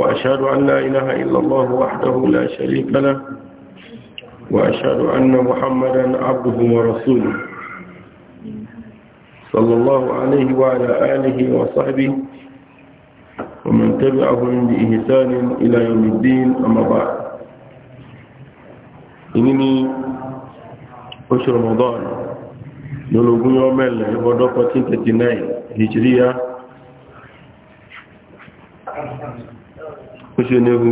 وأشهد أن لا إله إلا الله وحده لا شريك له وأشهد أن محمدا عبده ورسوله صلى الله عليه وعلى آله وصحبه ومن تبعهم بإهسان إلى يوم الدين أما بعد إنني أشهر رمضان نلوغون يوم الله ودقة 39 هجرية ó ṣe ní ewu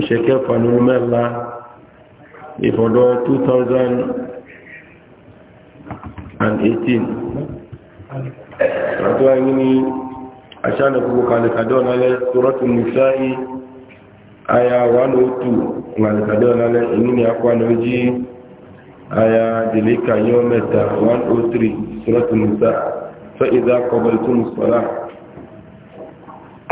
ìṣẹ́kẹ́ fanúlú mẹ́la ìfọ̀dọ̀ 2018 àti wáyé ní aṣáàlẹ̀ gbogbo kàlẹ̀kàdọ́ lálẹ́ tọ́rọ́tù nìsáyí aya 102 kàlẹ̀kàdọ́ lálẹ́ inú ni akwánu jí aya dìlíkà yọ mẹ́ta 103 tọ́rọ́tù nìsáyí fẹ́ ìdá kọbẹ̀lẹ̀ tó nìsọ́lá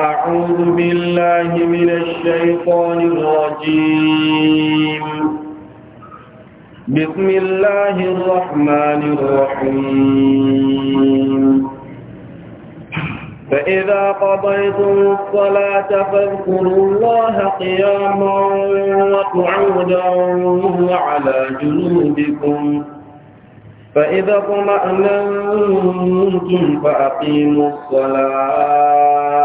أعوذ بالله من الشيطان الرجيم بسم الله الرحمن الرحيم فإذا قضيتم الصلاة فاذكروا الله قياما وقعودا وعلى جنوبكم فإذا طمأننتم فأقيموا الصلاة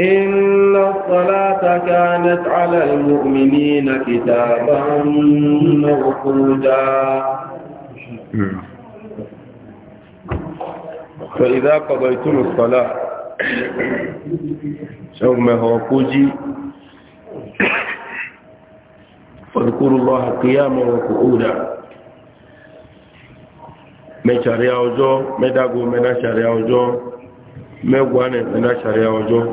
إن الصلاة كانت على المؤمنين كتابا موقودا فإذا قضيتم الصلاة ثم هو كوجي فاذكروا الله قياما وقعودا من شريع وجو مدقوا من شريع وجو مغوانا من شريع وجو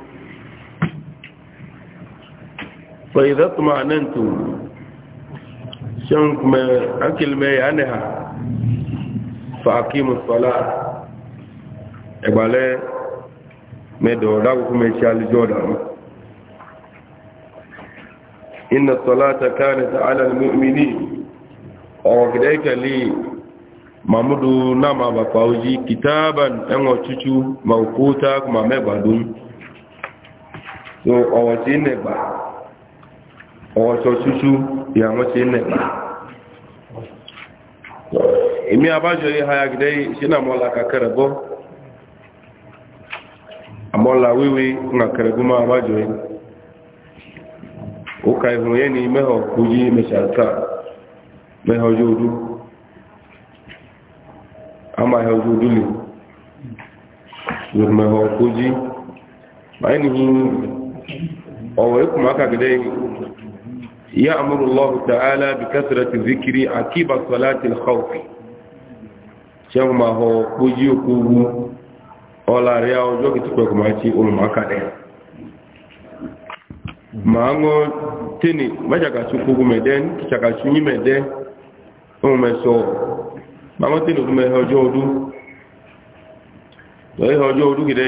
فإذا اطمأننتم شنك ما أكل ما يعنها فأقيموا الصلاة إبالي ما دوراكم إشال جودا إن الصلاة كانت على المؤمنين وكذلك لي mamudu nama bakwaji kitaban ɗan wacucu mawukuta kuma mai badun so a ne ba ọ̀ọ̀ṣọ́ ṣúṣú ìyàmọ́ṣe nẹ̀gbà èmi àbájọ yìí ha yàgìdẹ́ ṣínà mọ́lá kàkẹrẹ̀ àmọ́lá wíwí ńlá kẹrẹ̀ máa àbájọ yìí ó ka ìhùn yẹ́ ni mẹ́họ̀ kú yí mẹ́ṣàtà a يأمر الله تعالى بكثرة الذكر عقب صلاة الخوف شو ما هو كوجي ولا رياو جوك تكوك ماشي أول ما كده ما هو تاني ما جاك سكوب مدين كشاك سني مدين أو مسو ما هو تاني كم هو جودو ده هو كده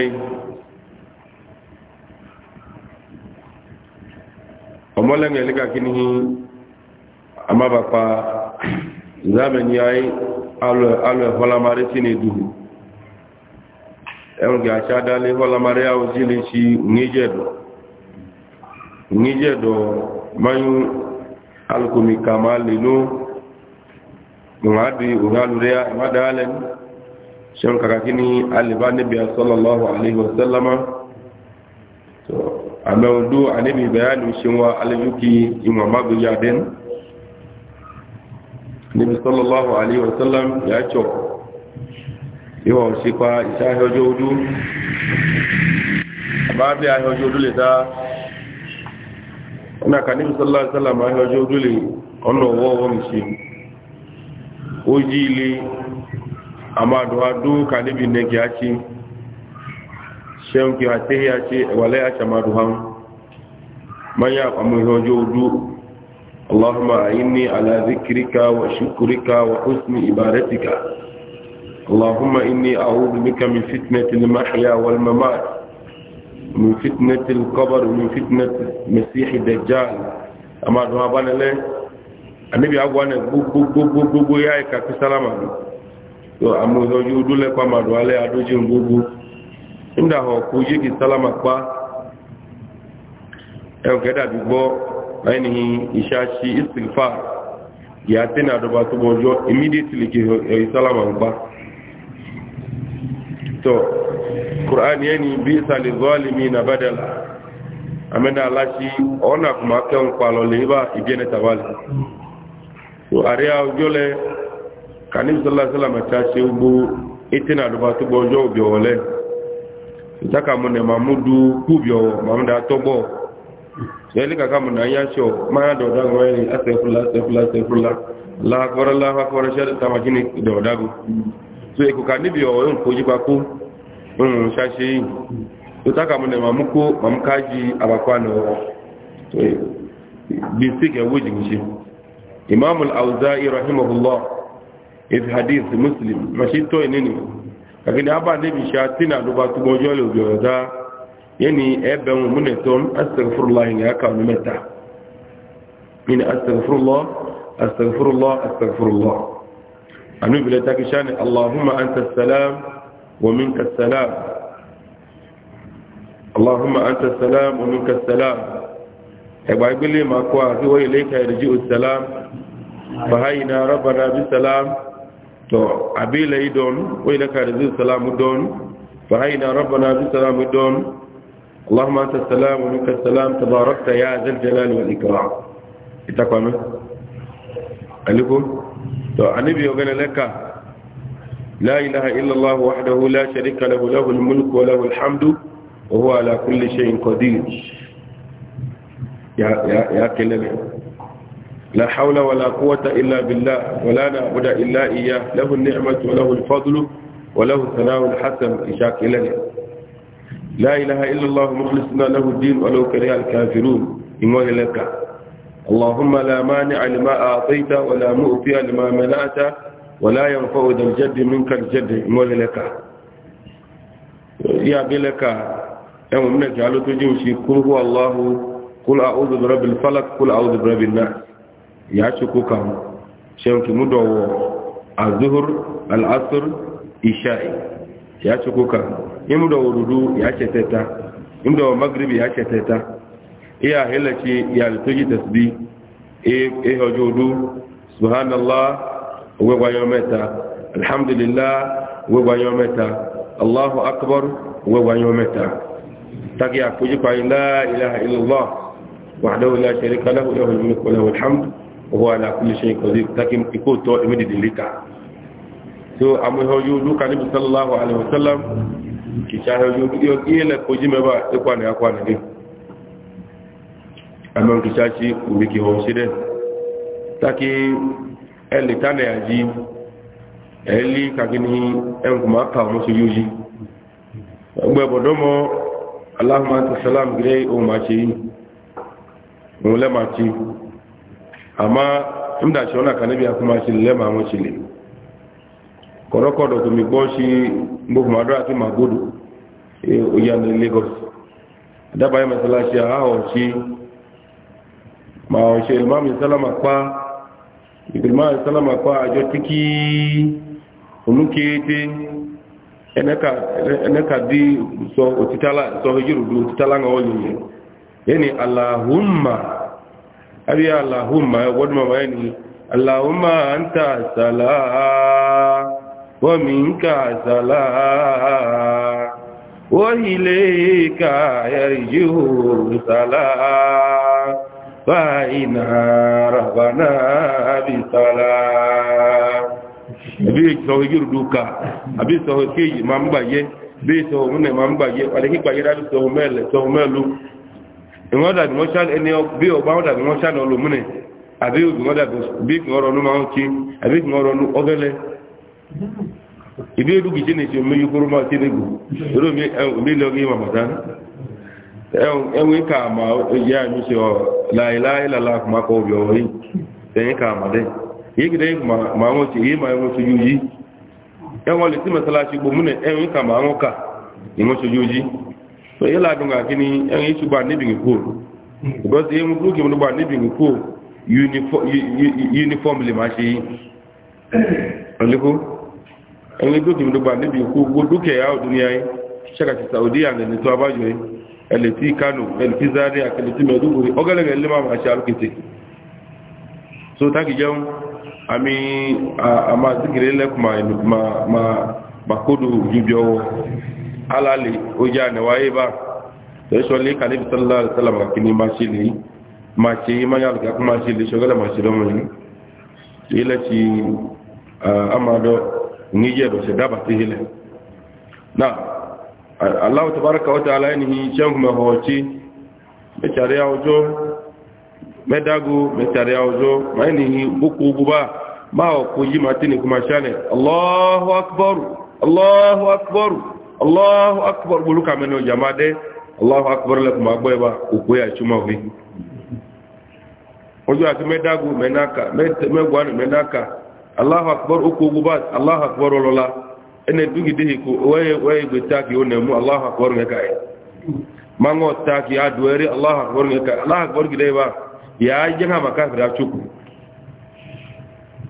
ọmọlẹ́yìn ẹ̀lẹ́gà kí ní àmábàpá ìzámẹ̀ni ayé alọ́ ẹ̀fọ́lámarí sí ní ìdúhù ẹ̀rùngẹ̀ àṣádálé fọ́lámarí àwọn sí lè ṣe ìníjẹ̀dọ̀ mayún alùkùnmíkà máa lè ló ìwádìí òhàlùrẹ́ ìmádàálẹ́ ṣẹ́rùn kàkàkí ní alìbánibẹ̀ sọ́lọ́lọ́wọ́ àlè amẹ́hùn dó anẹ́bí bayanu ṣe wọn alẹ́yókì ìwọ̀n mábìlì adẹ́n níbi sọ́lọ́láhù aléwọ̀sọ́lám yàájọ́ ìwọ̀n sípa iṣẹ́ ahẹ́ọjọ́ ojú àbábẹ́ ahẹ́ọjọ́ ojú lè dá ọ̀nà kan níbi sọ́lọ́láhù ahẹ́ọjọ́ ojú lè ọ̀nà ọwọ́ wọn ṣe ó yí ilé àmàdùn adó kan níbi nẹ́gì á ṣeun kí wà tí yà ṣe wàlẹ́ àṣàmàdù hàn mọ́yà àmúhẹ́ ọjọ́ ojú allahumma inni ala zikrika wa shukrika wa husni ibadatika allahumma inni a'udhu bika min fitnati al-mahya wal mamat min fitnati al-qabr min fitnati masih dajjal amadu abanale anibi agwana gbogbogbogbogbogbo ya ika fi salama do amuhẹ́ ọjọ́ nígbà ọkọ̀ yé kì sálámà pa ẹ̀hùn kẹ́dàbí gbọ́ ẹni ìṣàṣì ìsìnfà yà tí ní àdọ́bà tó bọ́jọ́ immediately kì ẹ̀yí sálámà ń pa tọ́ kùránì ẹni bí ìsàlẹ̀ zọ́ọ̀lìmí nà bádẹ́là àmẹ́dà aláṣí ọ̀nà kùmà kẹ́hùn palọ̀ lè bá ìbíẹ̀nẹ̀ tàbálì so àrí àwùjọ́lẹ̀ kàníṣọ́lá sálámà tí a ṣe gbó ètí ní àdọ́bà tó bọ́jọ́ òbí ọ̀wọ́lẹ́ni taka mu ne mamudu kubyo mamuda tobo yeli kaka mu na yasho ma do da go ni asefula asefula asefula la akbar la akbar shar tamakini do da go so iko ka nibyo o ko ji ba ko um shashi to taka mu ne mamuko mamkaji abakwano to bi sike wuji ngi imam al-auza'i rahimahullah if hadith muslim mashi to nini lakini hapa nabi shatina duba tumojo le ujoda yani ebe mune ton astaghfirullah ni aka ni meta min astaghfirullah astaghfirullah astaghfirullah anu bila takishani allahumma anta salam wa minka salam allahumma anta salam wa minka salam eba ibili makwa hiwa ilayka yarji'u salam fahaina rabbana bisalam salam to abila yi don wai laka da zai salamu don fa haina rabbana bi salamu don اللهم انت السلام ومنك السلام تباركت يا ذا الجلال والاكرام اتقوا عليكم تو انبي وغنا لك لا اله الا الله وحده لا شريك له له الملك وله الحمد وهو على كل شيء قدير يا يا يا كلمه لا حول ولا قوة إلا بالله ولا نعبد إلا إياه له النعمة وله الفضل وله الثناء الحسن إشاك لا إله إلا الله مخلصنا له الدين ولو كره الكافرون إموه لك اللهم لا مانع لما أعطيت ولا مؤتي لما منعت ولا ينفع ذا الجد منك الجد إموه لك يا بلك يا ممنك على تجيوشي قل هو الله قل أعوذ برب الفلك قل أعوذ برب الناس ya ci kukan shanki mudowo a zuhur al'asur isha'i ya ci kukan in mudowo dudu ya ce teta in mudowo magribi ya ce teta iya hilaci ya litoji tasbi e, e hajjodu subhanallah gwagwayo meta alhamdulillah gwagwayo meta allahu akbar gwagwayo meta تقي عفوجك لا إله إلا الله وحده لا شريك له له الملك وله الحمد wa ala kulli shay'in qadir takim iko to emi de lika so amu hoju luka nabi sallallahu alaihi wasallam ki cha hoju yo ile ko jime na kwa na de amon ki cha chi ku taki ele tane eli kakini en kuma ka mo su bodomo allahumma anta salam gire o ma amma inda shi wani kanabi kuma shi lema mu shi le koroko do mi gbo shi mbo ma do ati ma godu e ya ni lagos da ba ma shi ha o shi ma o shi imam salama kwa imam salama kwa ajo tiki onukete eneka eneka bi so otitala so hiru do otitala ngo yeye yani allahumma أبي اللهم ودم ويني اللهم أنت السلام ومنك السلام وإليك يرجه السلام فإنا ربنا بسلام bí ìsọ̀rọ̀ ìgbèrò dùkà àbí ìsọ̀rọ̀ kéyì máa ń gbàyẹ́ bí ìsọ̀rọ̀ múnẹ̀ máa ń gbàyẹ́ alẹ́kígbàyẹ́ dábí ìsọ̀rọ̀ mẹ́lẹ̀ ìsọ̀rọ̀ mẹ́lú ìwọ́n dàbí wọ́n ṣáà ẹni bí ọgbà wọ́n dàbí wọ́n ṣáà lọ múnẹ̀ àbí ògbìmọ́ bí kìí ọrọ̀ máa ń kí àbí kìí ọrọ̀ ọgẹ́lẹ́ ìbí tí máa nígbò lọ́gí ẹ̀wọ̀n àmà ìyá mi ṣe ọ láìláìlàlá àkùmákọ obì ọ̀rọ̀ yìí ẹ̀yìn ka àmàdẹ́ yìí kìí so yela dunga kini yang isu ba ni bingi ko because ye mu duki mu ba ni bingi ko uniform uniformly ma shi aliko yang duki mu ba ni bingi ko go duke ya duniya yi shaka ti saudiya ne ni to abajo yi eleti kano eleti zaria eleti meduguri ogale ga lima ma shi alkiti so taki jam ami ama zikire le kuma ma ma makodu jibyo alali oja ne waye ba to so le kale bi sallallahu alaihi wasallam kini ma shi le ma ce ma ya ga kuma shi le shogala ma shi do mun ila ci amado ni je do se daba ti hile na allah tabaaraka wa ta'ala ni chan kuma hoci be tare ya ojo me dagu me tare ojo ma ni buku buba ma ko yi ma kuma shane allahu akbar allahu akbar allahu akbar gbolu ka mene o jama de allahu akbar le kuma gbɔ ba o ya chuma o ye ati mɛ menaka, mɛ n'a ka mɛ mɛ guani mɛ n'a ka allahu akbar o ko guba allahu akbar o lɔ la ene dugi de ko o ye o ye gbe taaki o nɛmu allahu akbar ŋa ka ye mango taaki a duwɛri allahu akbar ŋa ka allahu akbar gide ba yaa jɛŋa ma kafiri a cuku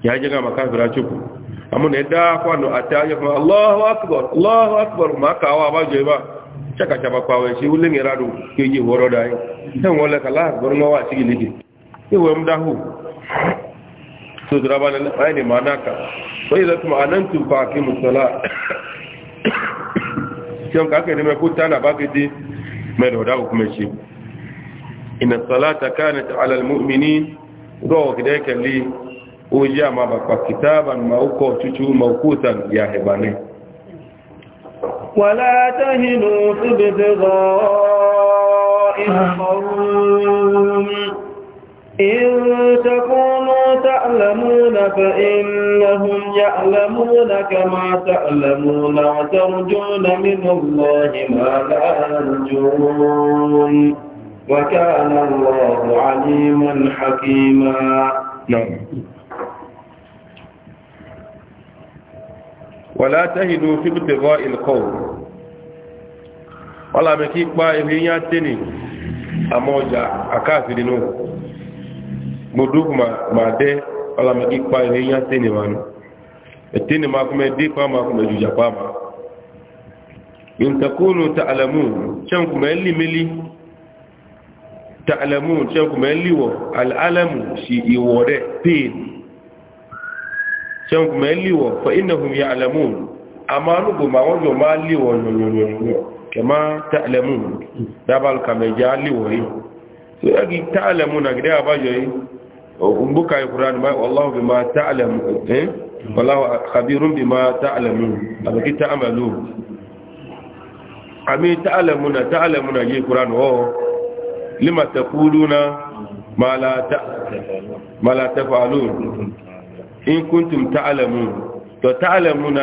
yaa jɛŋa amuna ya dakwa no atanya kuma Allahu akbar Allahu akbar ma ka wa ba je ba chaka chaba kwa we shi ulin iradu ke yi horo dai dan wala kala akbar ma wa shi liki ke we mdahu to draba ne ai ne musala kyon ka ke ne me kutana ba ke di me ala almu'minin do kidai kalli oje ama bakwa kitaban mauko chuchu maukutan ya hebane wala tahinu tibtigha'i al-qawm in takunu تعلمون فإنهم يعلمون كما تعلمون وترجون من الله ما لا يرجون وكان الله عليما wala tahinu fi butigo ilkow wala me ki pa ibi ya teni amoja akafiri no gboduk ma ma de wala me ki pa ibi ya teni man eteni ma kuma di pa ma kuma juja pa ma in takunu ta'lamun chan kuma yalli mili ta'lamun chan kuma yalli wo al'alamu shi iwore pain sẹ́wọ̀n kò mẹ́ líwọ̀ fẹ́ ináhùn ya alẹ́mùn a máa lùgbò máa wọ́n jọ máa líwọ̀ yọ̀yọ̀yọ̀ kẹ máa tẹ́ alẹ́mùn dábàl kàmẹ̀já líwọ̀ yìí so ẹgbì tẹ́ alẹ́mùn àgídẹ́ àbájọ in kuntum ta'lamun to ta'lamun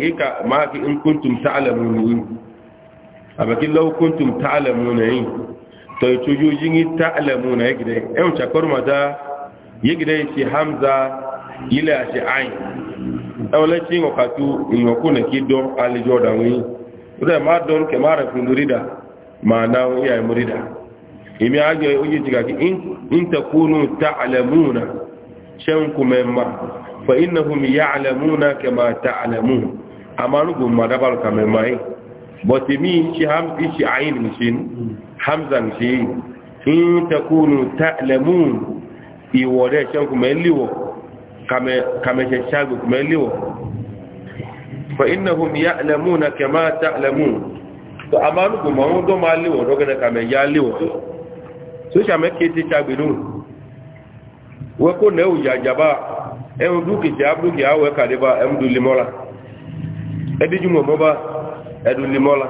yika ma ki in kuntum ta'lamun abaki law kuntum ta'lamun to tuju jingi ta'lamun yigide en chakor mata yigide si hamza ila si ain awla chi ngokatu ngokuna kido alijoda wi ure ma don ke mara fundurida ma na ya murida imi aje uji tigaki in in takunu ta'lamuna shanku memma fa innahum ya'lamuna kama ta'lamun amanu gum madabal kamemma yi boti mi ci ham ci ayin mishin hamzan ci in takunu ta'lamun iwore shanku meliwo kame kame shagu meliwo fa innahum ya'lamuna kama ta'lamun to we ko na ewu e ji ajaba enwe dukichi abụrụ gị awe karịba emdulimola edijumụmụba edulimola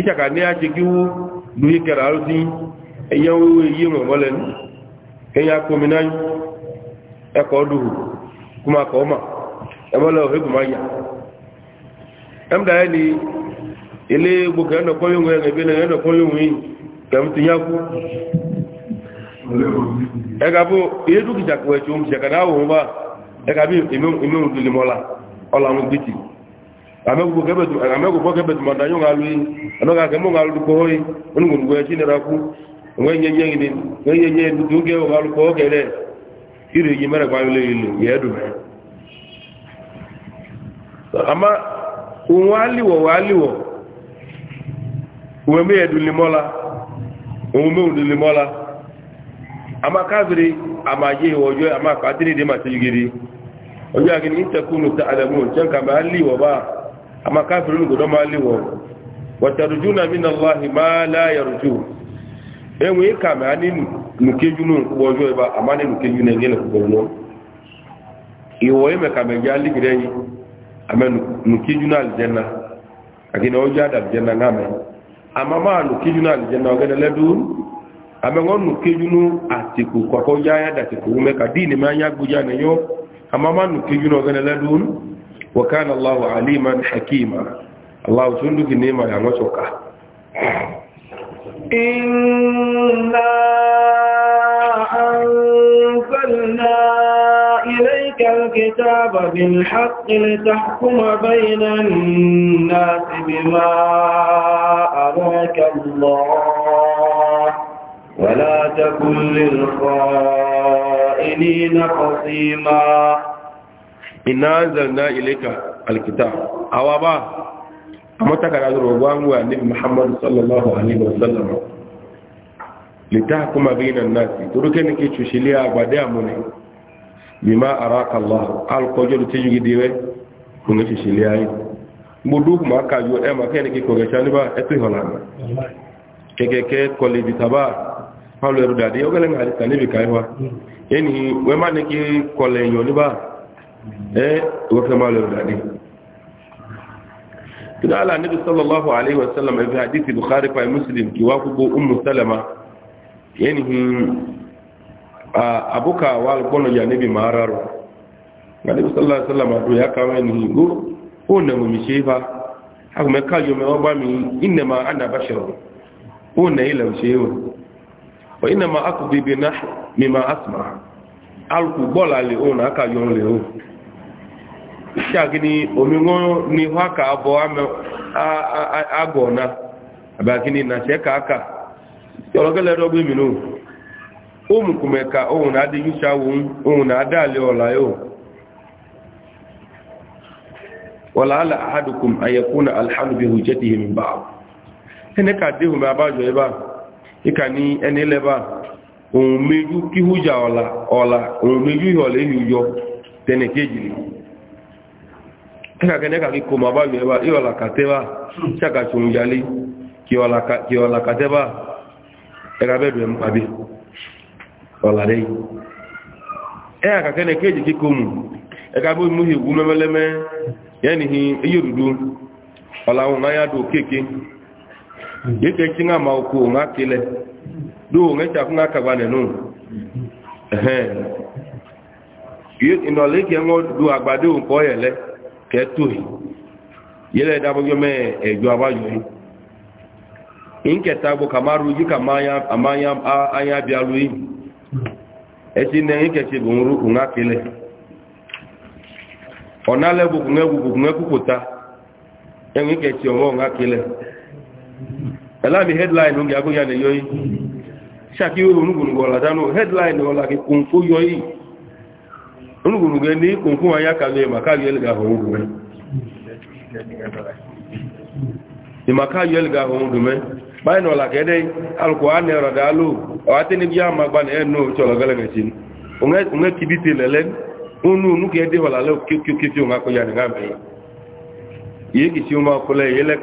ịchaka na ya chikiwu duhi kere arụzi enye wewe yi mụmụle enye a ẹkọ e duhu kuma kọ ma ẹmọlẹ ọhẹgùn máa yà ẹmdà ẹni ilé gbogbo ẹnọkọ yóò ẹgàbó èédú kìjàkùwẹ̀ tí ó ń ṣẹ̀kàdá òun bá ẹgàbí ìmẹ́rùn tó lè mọ́lá ọlàrun gbìtì àmẹ́gbogbo kẹbẹ̀tù mọ̀dá yóò rálú yìí ẹ̀nọ́gà kẹmọ́ rálùkọ́ yìí onígbòǹgbò ẹ̀ṣí nira kú wẹ́yẹyẹ tó gẹ́ rálùkọ́ kẹrẹ ìrè yìí mẹ́rẹ̀ pàálù lè yẹ́dù mẹ́ àmá òun wálìwọ̀ wálìwọ̀ lè mọ́lá amma kafiri amma ye wajo amma kadiri de masu yigiri wajo a gini ita kunu ta alamu can ka ma halli wa ba amma kafirin guda ma halli wa wata rujuna min Allah ma la yarju enwe ka ma ni nuke junu wajo ba amma ne nuke junu ne ku gono iwo ime ka me ya ligire yi amma nuke junu aljanna a gini wajo aljanna ngame amma ma nuke junu aljanna ga da amengonu kejunu atiku kwa ko yaya da tiku umeka dini manya gujana yo amamanu kejunu gane ladun wa kana Allah aliman hakima Allah sundu kinema ya ngochoka inna anzalna ilayka alkitaba bilhaqqi litahkuma bayna an bima araka Allah ولا تكن للخائنين خصيما إنا أنزلنا إليك الكتاب أوابا أما تكر عن ربان والنبي محمد صلى الله عليه وسلم لتحكم بين الناس تركنك تشليا بدأ مني بما أراك الله القجر تجي ديوه كنت تشليا مدوك ما كاجو أما كنك كوغشاني با أتوي هلانا كيكي كولي بتبار paul ẹrù dàdé ọgẹ́lẹ́ ní àdìsá níbi káíwá ẹni wọ́n má ní kí kọlẹ̀ èèyàn níbà ẹ ọgọ́fẹ́ paul ẹrù dàdé tuna ala nabi sallallahu alaihi wa sallam fi hadithi bukhari kwa muslim k'i kiwa kubo ummu salama yani abuka wa alqono ya nabi mararo nabi sallallahu alaihi wa sallam to ya kawa ni go ona mu mishifa hakumeka yo me ba mi inma ana basharu ona ila ushewa وإنما أقضي بنحو مما أسمع a bọ́ọ̀lù àlè òun náà kà yọ̀ọ́ lè o ṣàkíní omi wọn ni wọn kà á bọ àgọ̀ na àbí àkíní nàṣẹ́ kàákà ọ̀rọ̀gẹ́lẹ́ dọ́gbé mi nù ó mú kùmẹ̀ka òun náà dé yúṣà òun ọla náà dá ịka ni ẹni lẹba òun méjú kí hújà ola ọ̀la òun ihe ìhọ̀lẹ̀ ìyọ tẹnẹ̀ kéjì ẹka kẹ́nẹ́ka kí kò máa bá yọ ẹba ìhọ̀lá kàtẹ́bà ṣàkàtì òun jalè kí ọ̀là kàtẹ́bà ẹka bẹ́ẹ̀ dùn ẹ̀ mú àbí ọ̀là rẹ̀ ẹka kẹ́nẹ́ kéjì kí kò ẹka bó òun dùn kéèké yeke ti ŋa ma ko ŋa kele do ŋa tsa ko ŋa kaba nenu ɛhɛn yo inɔle ke ŋɔ do yɛ lɛ kɛ yi yi kama ru yi kama ya ama ya anya bi alu yi esi nɛ nkɛtsi ŋu ko ŋa ɔnalɛ ŋa wu ŋa kukuta ẹ̀láàmì headline oúnjẹ agbóyà lè yọ yìí ṣàkíyò onúgbùnùgbò ọ̀làdánù headline ọ̀là kí kò ń kó yọ yìí onúgbùnùgbò ní kò ń fún ayákàlẹ̀ ìmàkáyọ̀ ẹlẹ́gà ọ̀hún dùmẹ́ báyìí ọ̀là kẹ́dẹ́ alùkò á ní ọ̀rọ̀dá lò ọ̀hátẹ́nibí àmàgbà ní ẹnu ìṣọ̀lọ̀gẹ́lẹ̀gẹ̀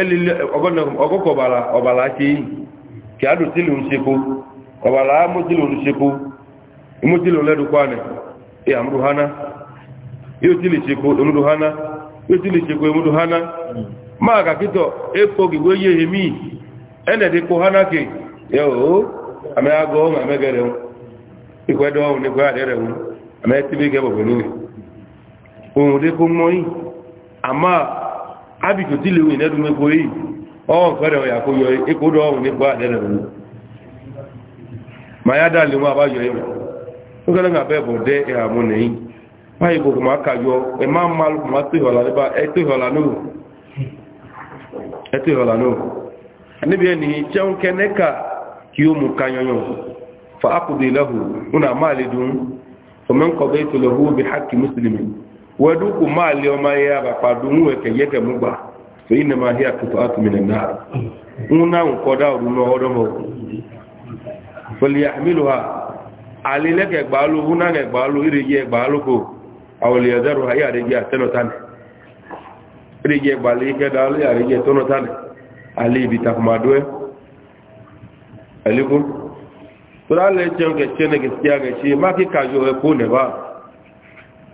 elile ọgụkọ ọbala aka iyi ka adụtili nsekwu ọbala amụtili nsekwu imụtili oledukwanị ya e, mruhana yotili sekwu emruhana yotili mm. ma ka kito epo giwe ye hemi hana ke yo ame ma me gere ikwe do ame ke ama abiko ti le win ẹdun mẹko yìí ọwọ nǹkan rẹ ọyà kó yọ eko dọ ọhún nípa àdẹnà òun màá yá dá lé wọn àbáyọ yìí ó kẹlẹ ń abẹ́ bọ̀ dé ẹ̀ àmọ́ nìyí báyìí kò máa kàjọ ẹ máa ń máa tó ìhọ̀là nípa ẹ tó náà waduku mali o ma ya ba pa du mu ke ye ke mu ba so inna ma hiya qita'atu minan nar una un ko da ru no odo mo fal una ke gba lu ire ye gba lu ko aw li yadaru ha ya de ya tano tan ali bi ta ma do alikum tura le chen ke chen ba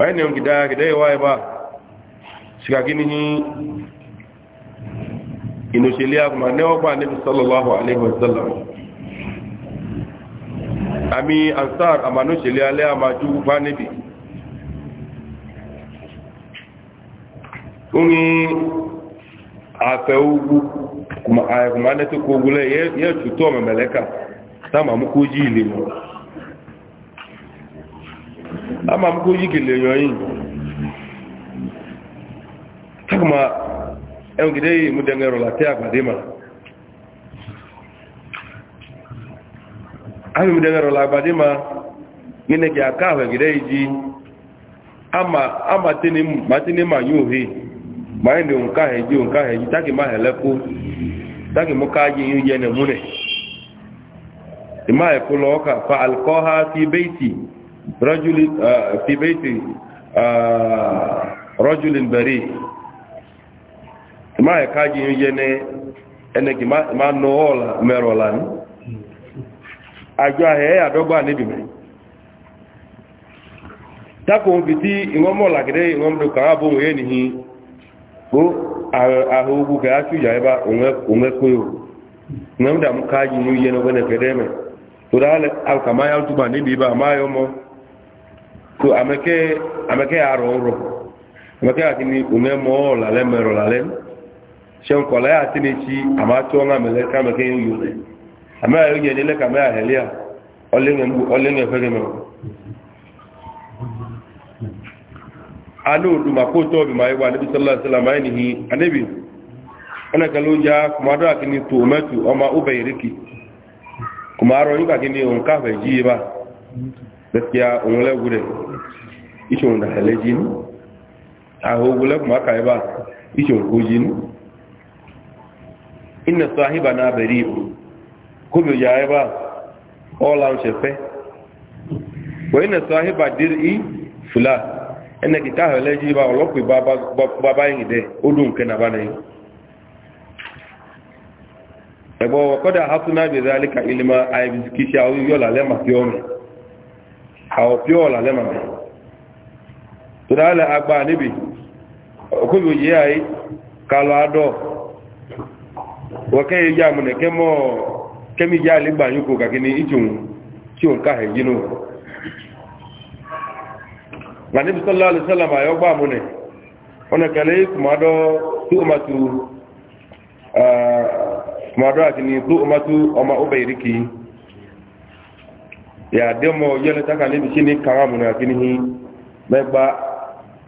waye ne ngida gida waye ba shiga gini ni inoshelia kuma ne o ba nabi sallallahu alaihi wasallam ami ansar amanu shelia le amaju ba nabi kuni afe ugu kuma ayi kuma ne to kogule ye ye tuto memeleka sama mukuji ama m ko yigile yoyin takma en gide mu dengero la te ak madima ami mu dengero la ma ngine ja aka we gide ji ama ama tini matini ma yuhi ma ndi un ka heji un ka heji taki ma heleku taki mu ka ji yuje ne mune ima e ka fa alqaha fi baiti رجل في بيت رجل بريء ما يكاجي يجني انك ما ما نول مرولان ajo ahe adogba nibi mi tako biti ingo mo lagide ingo mdo kan ka asu ya onwe onwe koyo ngam da mu kaji ni yeno bene kedeme to ya nibi ma so ameke ameke arọ ọrụ ameke ya kini ume mọ ọlalẹ mẹrọ lalẹ ṣe ń kọlẹ àti ní ṣi àmà tí wọn àmẹlẹ ka ameke yóò yọ rẹ àmẹyà yóò yẹ nílẹ kàmẹyà hẹlẹ à ọlẹ́ngẹ̀ fẹ́ gẹ́mẹ̀ wọn. alóòdù màkó tó ọbì máa wà níbi sọlá sọlá máa ń nìyí ya kòmádọ́ a iṣẹ́ òun dàtẹ̀lẹ́ jí ní àwọn ogun lẹ́kùn máa kàíbà iṣẹ́ òun kó jí ní iná sọ ahíbà náà bẹ̀rẹ̀ ìbò kó bí òyà ẹbà ọ́la ń ṣẹ̀fẹ́ wọ́n iná sọ ahíbà dírí í fúlà ẹnẹ kìtà àhẹ́lẹ́ jí bá ọlọ́pẹ̀ bàbá yìí dẹ̀ ó dùn kẹ́ nàbá náà ẹ̀gbọ́n wọ̀kọ́dà hásúná bèèrè alíkà ilé máa àìbìsíkíṣẹ́ àwọn yọ̀ọ̀lá àwọn pí ọ̀lá lẹ́mà tòdálẹ̀ agbá níbi òkúbò yìí àyí kalọ̀ adọ́ wọ́kẹ́ yìí jáàmù nẹ̀ kẹ́mọ́ kẹ́mí já lẹ́gbà yíkò kàkí ní ìtùn tí ó ń káhẹ̀ jínú gbàníbi sọ́lá alẹ́sọ́làmà ọmọ ó bẹ̀rẹ̀ níbi sí ní kàwámù àti mẹ́gbàá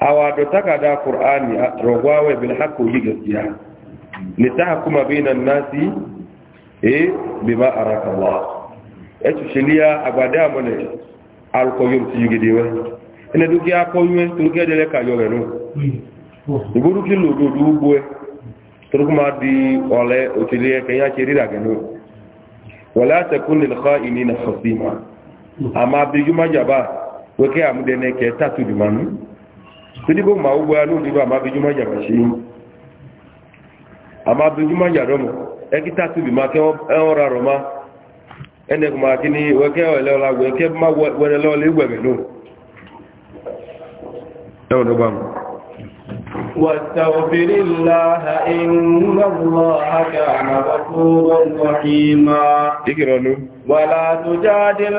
awa do takada qur'ani rogwawe bil haqqi yi gaskiya li tahkuma bainan nasi e bima araka Allah e tu shilia agbada amone alkoyum ti yigidewe ene du kia koywe turke dele ka yo genu iburu ki lo do du gwe turkuma di ole otilie kenya chirira genu wala takun lil kha'inina khasima ama bi juma jaba weke amudene ke tatu dimanu sidibo ma ugbo ya n'obi bụ amabijuma jara shi amabijuma jara mụ ekita tubi ma ke ọra roma enek ma kini weke ole ola gwe ke ma were le ole igwe benu ewu no gbam واستغفر الله إن الله كان غفورا رحيما ولا تجادل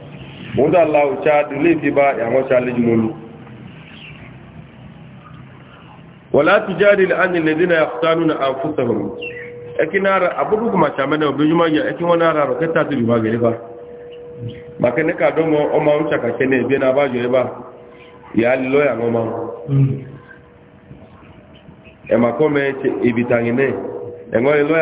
múdà láwù chádù lè fi bá àwọn challenge mọ́lú wà láti jáde láàrin lèdínà àfúsánú na àfúsàhùn ẹkí náà abúrúkú màṣà mẹ́nà obìnrin yà ẹkí wọ́n náà rọ̀ kẹta tó lùbá gẹ̀rẹ́ bá màkẹ́nẹ́kà dọ́mọ ọmọ ń ṣàkàṣẹ́ ní ẹgbẹ́ náà bájọ ẹbá ìyá lílọ́ àwọn ọmọ ẹ̀màkọ́ mẹ́ ibìtàyìn náà ẹ̀wọ́n ilọ́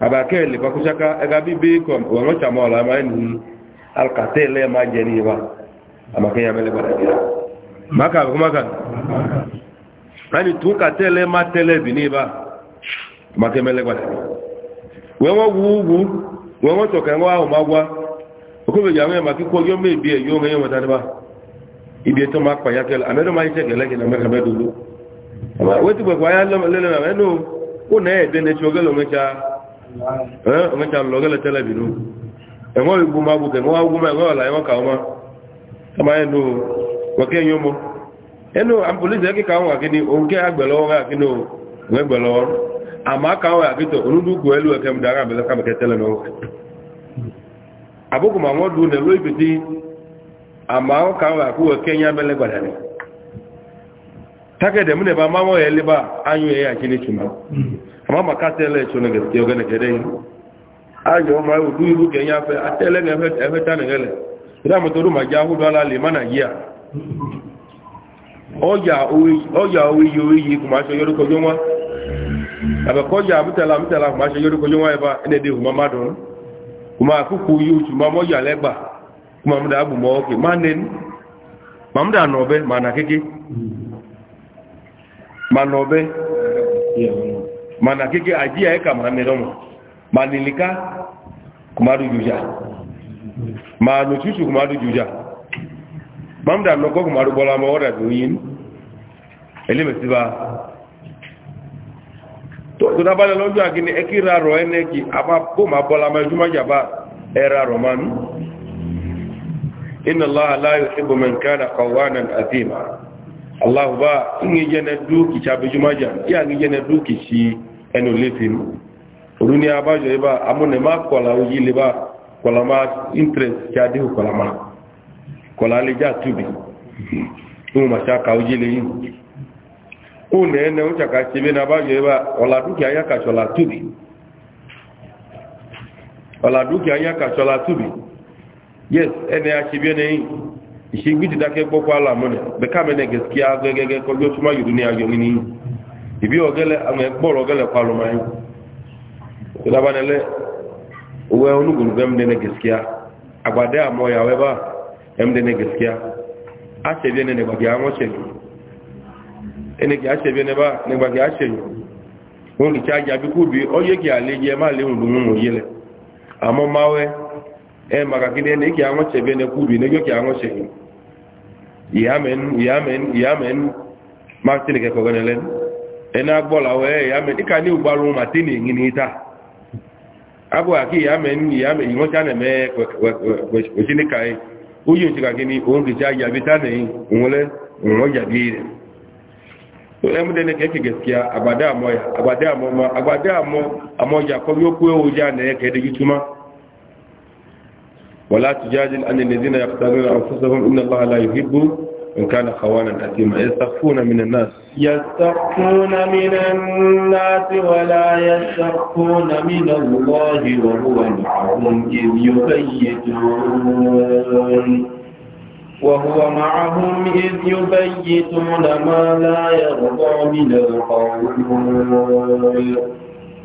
abake le bakushaka agabi be ko wango chamola mani alkatele majeri ba amake ya maka kuma kan ani tu katele bi bini ba make mele ba wewo gugu wewo toke ngo awu magwa okube jawe maki ko yo me bi e yo ngeyo mata ba ibi to makpa yakel wetu na enu una ede ee onwecha alụlụ ogele tele bido enweghị ugwu ma gbụke enweghị ugwu ma enweghị ọla enwe ka ọma kama enu weke enye ụmụ enu polisi eke ka nwa gịnị nke ha gbele ọrụ ha gịnị onwe gbele ọrụ ama ka nwa gịtọ elu eke m dara ka tele ma elu na amma maka tele yala na gaske ga na gare a yi wa mai hudu ibu ya fe a ta yala ga na gale ina mutu ruma ya hudu ala limana giya ọjà oyi oyi kuma aṣọ yọrọ kọjọ wọn àbẹ̀kọ́ ọjà mítàlá mítàlá kuma aṣọ yọrọ kọjọ wọn ẹba ẹni ẹdẹ kuma má dùn kuma àkókò yóò tù má mọ́jà lẹ́gbà kuma ma ma na keke ma mana keke aji ya eka medomo manilika kumadu juja manu chuchu kumadu juja mamda noko kumadu bola ma oda duyin elime siba to to da bale lojo agini ekira ro eneki ama ko ma bola ma juma jaba era roman inna Allah la yuhibbu man kana qawanan atima. allah ba ingi jene du ki chabe juma jan ya ngi jene du ki shi ẹnu léfin òru ní abájọ yìí bá amúnẹ̀ má kọ̀là oyí lè bá kọ̀là má interest tí a dé kọ̀là má kọ̀là lè já túbi ní wọn ṣe aka oyí lè yìí kó nẹ̀ ẹnẹ̀ ń ṣàkà ṣe bí ní abájọ yìí bá ọ̀là dúkìá yàkà ṣọ̀là túbi ọ̀là dúkìá yàkà ṣọ̀là túbi yes ẹnẹ̀ a ṣe bí ẹnẹ̀ yìí ìṣègbè ti dákẹ́ gbọ́kọ́ àlàmúnẹ̀ bẹ́ẹ̀ mẹ́nẹ̀ gẹ̀ẹ́sì kí á gẹ́gẹ́gẹ́ kọjú ọ ibi ọgẹlẹ àwọn ẹgbọrọ ọgẹlẹ kwalu e ma yìí ìlàbà nílẹ owó ẹ onúgbòlù bẹ mdẹnẹ gẹsìkíá àgbàdẹ àmọ ìyàwó ẹbá mdẹnẹ gẹsìkíá àṣẹbi ẹnẹ nígbàgbé àwọn ṣẹbi ẹnìkì àṣẹbi ẹnẹ bá nígbàgbé àṣẹyìn òun kìí ajá bí kú bí ọyẹ kìí àlejò ẹ má léwu ló ń wòye lẹ àmọ máwẹ ẹ màkàkídé ẹnì kìí àwọn ṣẹbi ẹnẹ kú ẹni agbọ́la wẹ́ ìyàmẹ́ díkà ní ìgbàlù màtínì yìí ní ìta agbọ́ àkí ìyàmẹ́ ní ìyàmẹ́ ìwọ́n sánẹ̀mẹ́ òṣìníkà yìí ó yíò sí kàkí ní òun kìí àyàbí tánẹ̀yìn òun lẹ́ òun yàbí rẹ̀ tó ẹmúdẹ́lẹ́ kẹ́kẹ́kẹ́kẹ́ àgbàdá àmọ́ àgbàdá àmọ́ àgbàdá àmọ́ àmọ́ yàkọ́ yóò ya ẹ̀wọ̀ wọ́n láti jáde إن كان خوانا أثيما يستخفون من الناس يستخفون من الناس ولا يستخفون من الله وهو معهم إذ يبيتون وهو معهم إذ يبيتون ما لا يرضى من القول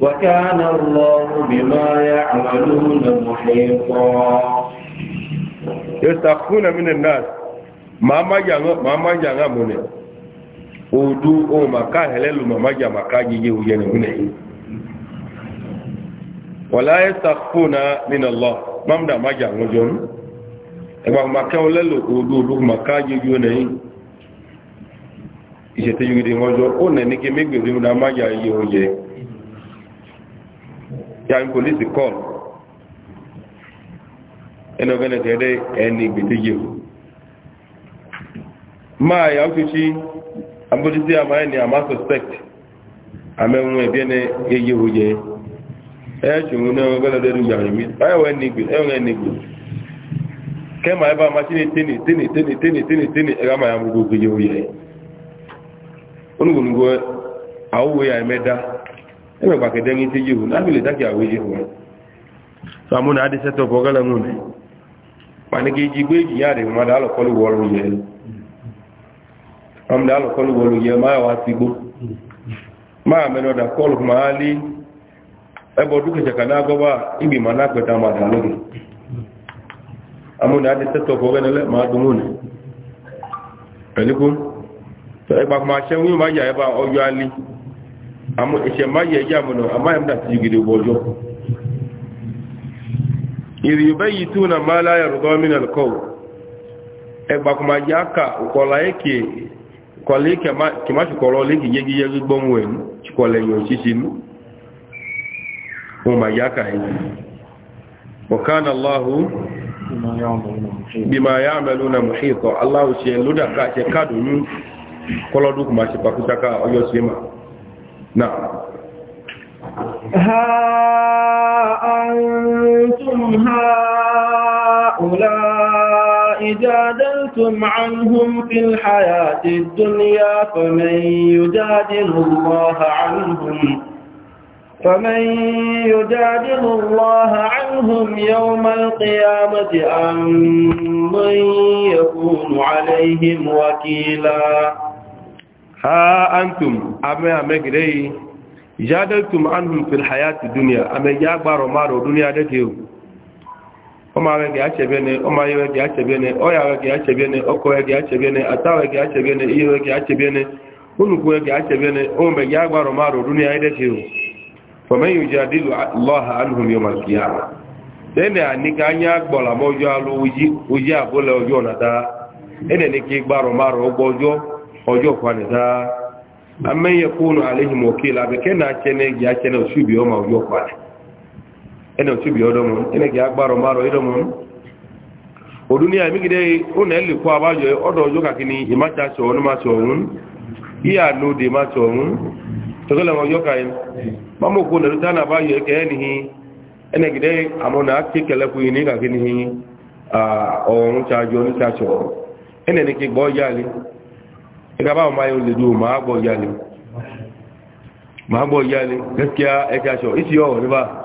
وكان الله بما يعملون محيطا يستخفون من الناس mama janga mama janga mune odu o maka helelu mama jama ka jije ujene mune wala yastakhfuna min Allah mamda maja ngojon e maka olelo odu odu maka jije ne ise te yugi ngojo o ne ni ke megbe na maja ye oje ya in police call eno gele gede eni gbiteje o máa yà ọ́kùsí abójútí àmáyé ni àmá suspect àmẹ́hun ẹ̀bí ẹni eye ya ẹ̀ẹ́sùn ní ọgbẹ́ lọ́dẹ́rù yàrá mi ẹ̀wọ̀n ẹnigbò kẹ́mà ya e, e, ma ṣí e, ya tíni tíni tíni tíni tíni tíni ẹ̀rá ya mú gbogbo eye òye onígbònúgbò ya àìmẹ́dá ẹ̀mẹ̀ pàkẹ́dẹ́ ní tí pàníkì ìjìyà rẹ̀ mọ́dá lọ́kọ́lù ọmọdé alùkọlù wọlù yẹ máa wá sí gbó máa mẹ́rin ọ̀dà kọlù máa lé ẹbọ dúkẹ̀ṣẹ̀kà náà gọ́bà ìgbìmọ̀ alápẹta màdà lórí amúnà àti tẹ́tọ̀ fọ́gẹ́nẹ́lẹ́ máa dùn múnà pẹ̀lúkú ẹgbà máa ṣẹ́ wíwọ́n máa yà ẹbà ọjọ́ alé ìṣẹ̀ máa yẹ ẹjá múnà àmáyẹ̀mdà ti gidi ọjọ́ ìrìbẹ́ yìí tún nà máa láyà rọ̀dọ́ mí kọlé kìmá ṣùkọ̀rọ̀ lé kìí yégi yégi gbọ́mù ẹ̀ mú ṣùkọ̀lẹ̀ yóò ṣíṣe mú wọn ma yá káyé ọ̀kánà aláhù bí ma yá mẹ́lú na mọ̀ṣíkọ̀ aláhù ṣe lódà káṣẹ káàdù ní kọlọ́dún kùmá ṣe pàkútàkà جادلتم عنهم في الحياة الدنيا فمن يجادل الله عنهم فمن يجادل الله عنهم يوم القيامة أم من يكون عليهم وكيلا ها أنتم أما مجري جادلتم عنهم في الحياة الدنيا أما جاء بارو مارو دنيا دكيو ọmawe gị achebiene ọmayewe gị achebiene ọyawe gị achebiene ọkọwe gị achebiene atawe gị achebiene iyewe gị achebiene unukwuwe gị achebiene omume gị agbarọ marụ ruru ya idechiru fọmen yuja dilu lọha anuhum yom alkiyama dene ani ka anya gbọla mọjọ alụ uji abụla ọjọ na taa ene ne ka igbarọ marụ ụgbọ ọjọ ọjọ kwani taa amen yakunu alehim wakil na achene gị achene osubi ọma ọjọ kwani ene ochibi odomo ene ki agbaro maro idomo oduni ya migide una eli kwa abajo odo ojo kakini imacha so onu ma so onu iya no de ma so onu togele mo yo na tana bayo ke eni hi amona kele ku ni kakini hi ah ohun cha jo ni cha so gbo e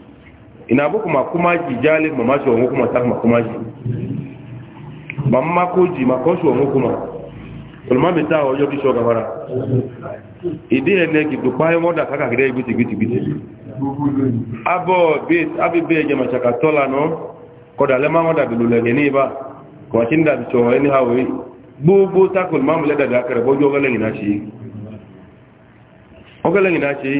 ina bu kuma kuma ji jale mama shi wani kuma tak ma kuma ji mamma ko ji ma ko shi wani kuma ulma mi ta wajo ki shoga bara idi ene ki du pa mo da kaka gide biti biti biti abo bit abi be je ma chaka tola no ko da le ma mo da bi lule ni ba ko tin da to ni hawe gbogbo takul ma mo le da da kare bojo gele ni na shi o gele ni na shi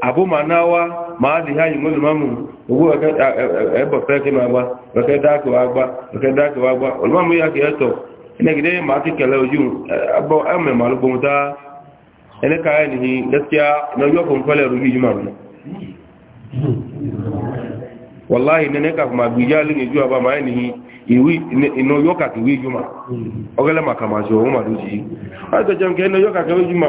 abụ ma nawa ma adịghị agba agba agba ya ka etọ ịnagide ma akị kele oju e, ame e ma alụgbomta ene ka ya nihi gaskiya na ojú ọkùnrin fẹlẹ rúbí jùmọ rẹ wàláhì nene ka kuma gbìyà lè ju àbá ma ya nihi iwi ina ojú ọkà kìwí jùmọ ọgẹlẹ ma ma ma i. a ti jẹun kẹ iju ma,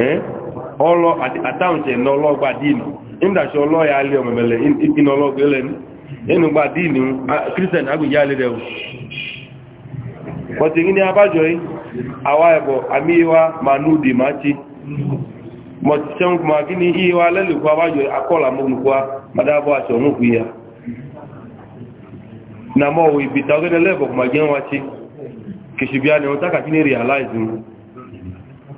Eh? ọlọ àtàwùnṣe ní ọlọ́gbà dínú ìdáṣọ ọlọ́yà alẹ́ ọmọmọlẹ̀ ìpínà ọlọ́gbà ẹlẹ́nu ẹnugbà dínú kírísẹ̀n agbègbè alẹ́ rẹ̀ wọ́n ti ní abájọ yìí àwa ẹ̀bọ̀ àmì ìwà manúdì máa ti mọ̀ ti sẹ́wọ́n kùmà kí ní ìwà lẹ́lẹ̀kọ́ abájọ akọ́là mọ́nùkọ́ madábọ́ aṣọ ni wọ́n tákà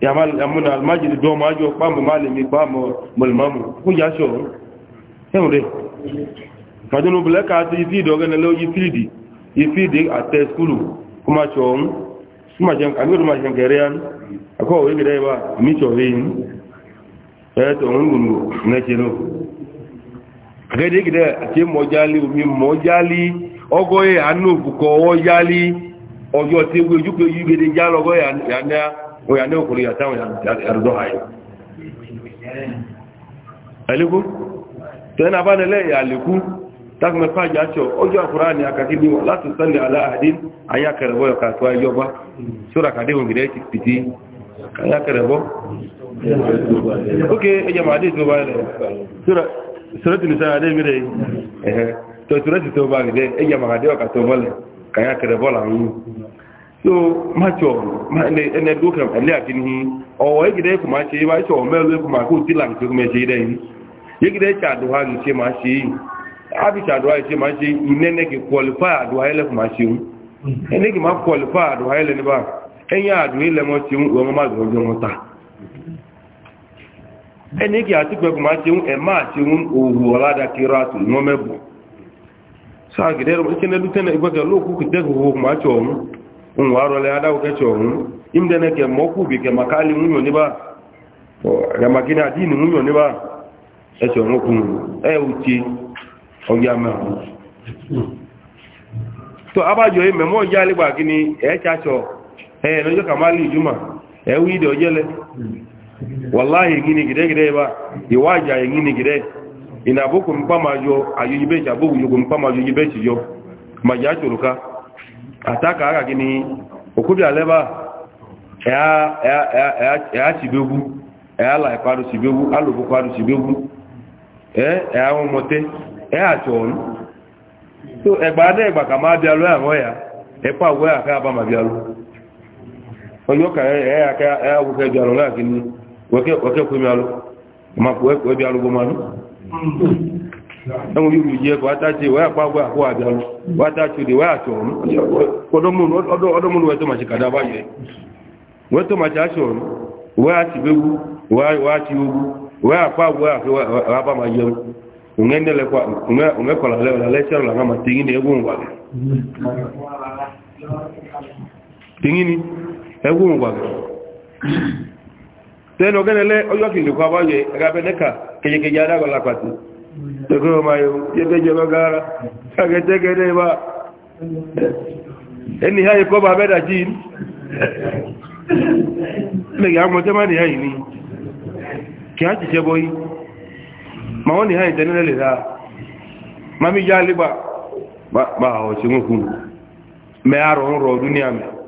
yàmúnà almájìlì dọ́mọ ajọ pàmù máa lè mi pàmù mọ̀lùmọ́mù fún yáṣọ́ ẹ̀hùn rẹ̀ kàjọ́nù bùlẹ́kà àti ìfìdì ọ̀gẹ́nẹ̀lẹ́ ìfìdì ìfìdì àtẹ́ skúlù kó máa ṣọ́ ọ̀hún amíru máa ṣe kẹrẹ́ yán akọ́wọ̀ ìgbẹ̀rẹ́ ìwà míṣọ̀ rẹ̀ yìí ẹ̀ẹ́tọ̀ ń gùn nẹ́ṣẹ́ lọ gẹ́gẹ́ gẹ́gẹ́ àti mọ̀jálí omi mọ̀jálí ọgọ́ oya ní òkúrò yàtá àrùdọ́ àyè ẹ̀lẹ́kú tẹ́nà bá nílẹ̀ ìyàlẹ́kú tákùnmẹ́ fàájá ṣọ ọjọ́ àkùrá ní àkàkí bí wọ́n láti sọ́lẹ̀ aláàdín ayákẹrẹbọ́ ọkàtọ́ ayọba sóra kàdé òmìnirẹ́ ti pìtì ayákẹrẹbọ́ ókè ẹjẹ màá dé tó bá rẹ̀ sọ́rọ̀ tìlú sára dé mìíràn ẹ̀hẹ́ tọ́tù rẹ̀ ti tó bá rẹ̀ ẹjẹ màá dé ọkàtọ́ mọ́lẹ̀ kàyákẹrẹbọ́ làwọn so macho ene duka ale akini o egide ku ma se ba o melu ku ma ku tilan ku me se dai egide cha do ha ni se ma se abi cha do ha se ma se inene ki qualify do ha ele ku ma se ene ki ma qualify do ha ele ni ba ile mo se wo ma go jo mo ta ene ki ati pe ma e ma o owu ola da kiratu no mebu sa gide ro se ne du tene ibo ke lo ku ku de ku ma ngwarole adaw ke chorun imdene ke moku bi ke makali niba ni ba o ya makina adini munyo ni ba e chorun ku e uti o ya ma to abajo e memo ya le gba kini e chacho e no kama ali juma e wi de ojele wallahi gini gide gide ba iwaja gini gide ina boku mpamajo ayu yibe cha boku yugo mpamajo yibe chijo maja choruka ataka aka gị n'ihi okwubia leba ya chibegwu ya la kwaru chibegwu alụbụ kwaru chibegwu ya e, ụmụte ya achọọnụ so egba ada ka ma abịalụ ya hụ ya ekwa agwọ ya aka aba ma bịalụ onye ụka ya e, aka ya agwụka ebialụ na gị n'ihi bịalụ ma kwe bịalụ mmanụ ẹ̀wọ̀n yóò yẹ kọ́ atáṣe wáyà pàgbà àkó àjálù wáyà táṣe òde wáyà tọ̀ ọdọ́múnú wẹ́tọ́ màṣẹ kàdá báyẹ̀ wẹ́tọ́ màṣẹ aṣọ ọ̀run wáyà ti gbégbú wáyà ti gbégbú wáyà pàgbà àfẹ́ wáyà bá máa jẹun òun ẹ̀kọ́ làlẹ́sẹ̀rọ̀ làwọn máa tẹ̀yìn ní ẹgbùn wà tẹ̀yìn ní ẹgbùn wà tẹ́nu ọgẹ́nẹ̀lẹ́ ọjọ́ kìlì kọ́ abáyẹ ẹgbẹ́ nẹ́ka kẹjẹkẹjẹ adágọ́lá pàtó tẹ̀kọ́ ọmọ ayò yẹ́tẹ́jọba gára ṣàgẹ́tẹ́gẹ́dẹ́ bá ẹni ha ikọ́ bá bẹ́dà jí lẹ́gbẹ̀ agbọ́tẹ́ má ní ha yìí ni kí a ṣiṣẹ́ bọ́ yìí ma wọ́n ní ha ìtẹ́lẹ́lẹ̀ lè dáa ma mi já lé bá bá ọ̀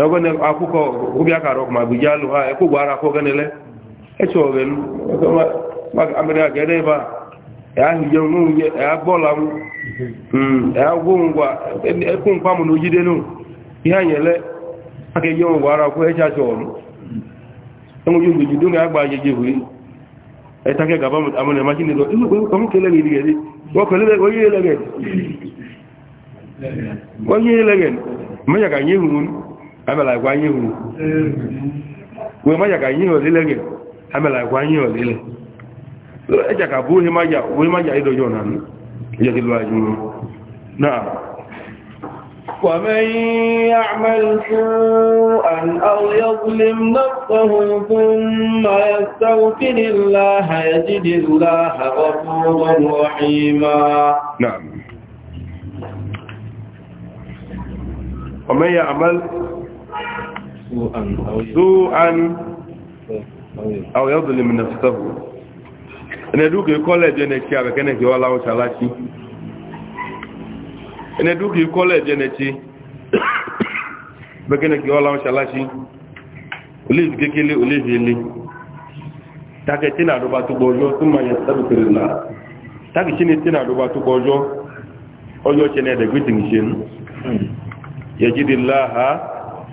egwene akwụkwọ ụbịa kara ọkụ ma bụ alụ ha ekwu gbara akụ akwụ ogenele echọghe m amịrị aga ede ebe a ahụje nwunye agbọla m agwụ ngwa ekwu nkwa m na ojidenu ihe anyele aka eje ngwa ara akwụ echa achọ enweghị mgbe jido ga agba ajeje hụri etake gaba amịrị amachi na m kele gị ka anyị hụrụ amẹ́lá ìgbà yíò rú wọ́n má jàkà yíò lílẹ̀ rẹ̀ amẹ́lá ìgbà yíò lílẹ̀ ẹjàkà bú wọ́n má jà ìdọ̀jọ́ náà ní ìjẹ́ kí lọ àjú wọn náà ومن يعمل سوءا أو يظلم نفسه ثم يستغفر الله يجد الله غفورا رحيما نعم ومن يعمل su'an aw yadhlim nafsahu ene duke college ene kia kene ki wala uchalaki ene duke college ene chi bekene ki wala uchalaki ulizi kekele ulizi ile take tina do batu bojo tuma yastabirilla take chini tina do batu bojo oyo chene de gwitin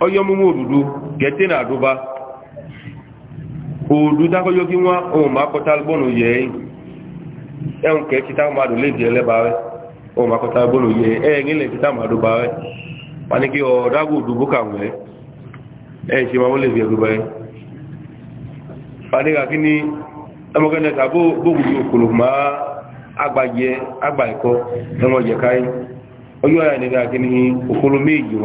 onye ọmụmụ odudu ga-ete na adụba odu dagoyogi nwa ụmụ akọta agbọnụ ẹ ẹ̀hùn kẹ́ kíta màdù lè jẹ́ lẹ́bàárẹ́ ohun makọta gbọ́nà yẹ ẹ ilẹ̀ kíta màdù bàárẹ́ wà ní kí ọ̀dágò dùbú kàwẹ́ ṣe máa lè bóògùn agbàjẹ agbà ẹmọ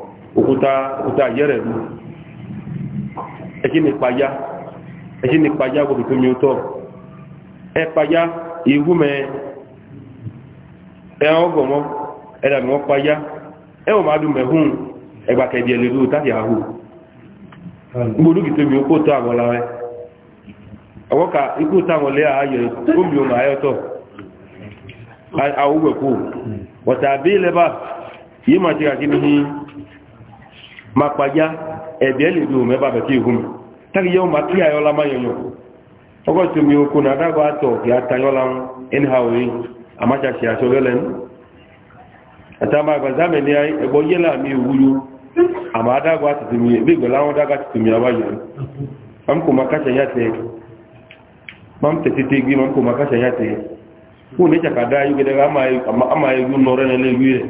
òkúta òkúta yẹ́rẹ̀ lú ẹjí ni payá gbogbo tó mi ó tọ́ ẹ payá ìhú mẹ ẹ ọgọmọ ẹdàmì wọn payá ẹ wọ́n máa dùn mẹ́hún ẹgbà kẹ̀dì ẹ̀lẹ́lú tàbí àhù gbogbo mi ó kó tọ́ àwọn lára ma kpadza ɛdiɛ le do mɛ ba bɛ ti ihu mi taki yɛ ma ti ayɔ la ma yɔnyɔ ɔkɔ tu mi oko na adagba atɔ ya ta yɔ la ŋu ha yi amatsa si atsɔ yɔ lɛ nu atama agbaza mɛ ni ɛgbɔ yɛ la mi wuyu ama adagba tutu mi ebi gbɛ la ŋu adagba tutu mi aba yɔ mam ko ma kacha ya tɛ mam tɛ tete gbi mam ko ma kacha ya tɛ ko ne tsaka da yi gɛdɛ ama yi ama yi wu nɔrɛ ne le wi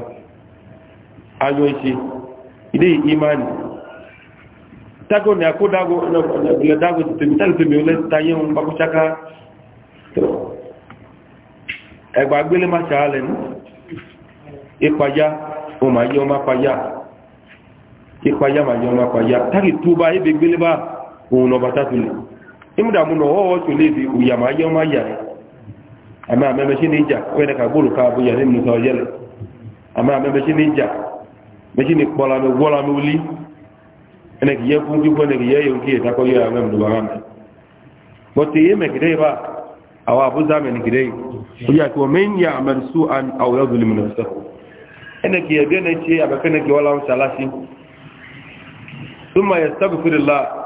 anyọ isi ile imani tago ni ako dago le dago ti temi tali temi ole taye un bako chaka ẹgbà agbélé má ṣàálẹ̀ ní ìpayá o ma yí ọmọ payá ìpayá ma yí ọmọ payá tàbí tó ebe gbélé òun ọwọ́ tó lè fi òyà ma ọmọ ní ìjà káàbù yà ní ìjà meji ni kpɔla mi wɔla mi wuli ɛnɛ k'i yɛ kunju fɔ ɛnɛ k'i yɛ yɔn k'i yɛ takɔ yɛ aŋɛ mi dubaga mɛ bɔn te ye mɛ kide ba awɔ abu zaa mɛ ni kide o yà tó mɛ n yà amadu su an awo yɛ zoli minɛ sɛ ɛnɛ k'i yɛ den ne tse a bɛ kɛnɛ k'i wɔla sala si suma yɛ sabu feere la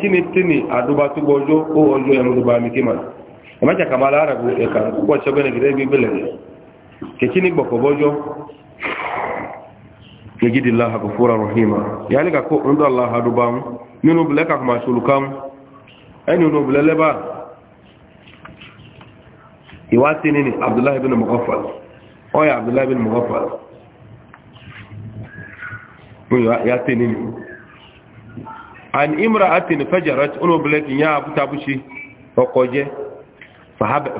tini a duba tu bɔ jo o o jo yɛ mi duba mi k'i ma a ni gbɔkɔ bɔ yajid illaha ghafura rahima yani ka ko ndo allah hadu bam ninu bile ka ma sulu kam enu no bile leba iwati nini abdullah ibn mughaffal o ya abdullah ibn mughaffal ya tinini an imra'atin fajarat unu bile ki ya abu tabushi okoje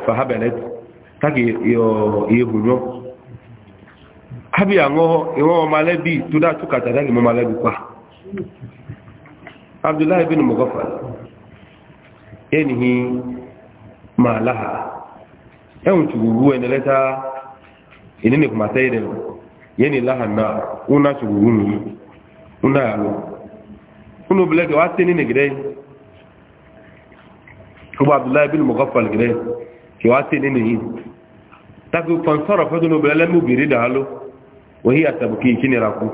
fahabalat taki yo yehunyo ha ango iwo malebi tuda tukata dali mo malebi kwa abdullah ibn mughaffal enhi malaha ehun chuguru eneleta inene kuma tayde yeni laha na una chuguru ni una yalo uno bilege wa teni ne gidei ko abdullah وهي التبكي كني راكو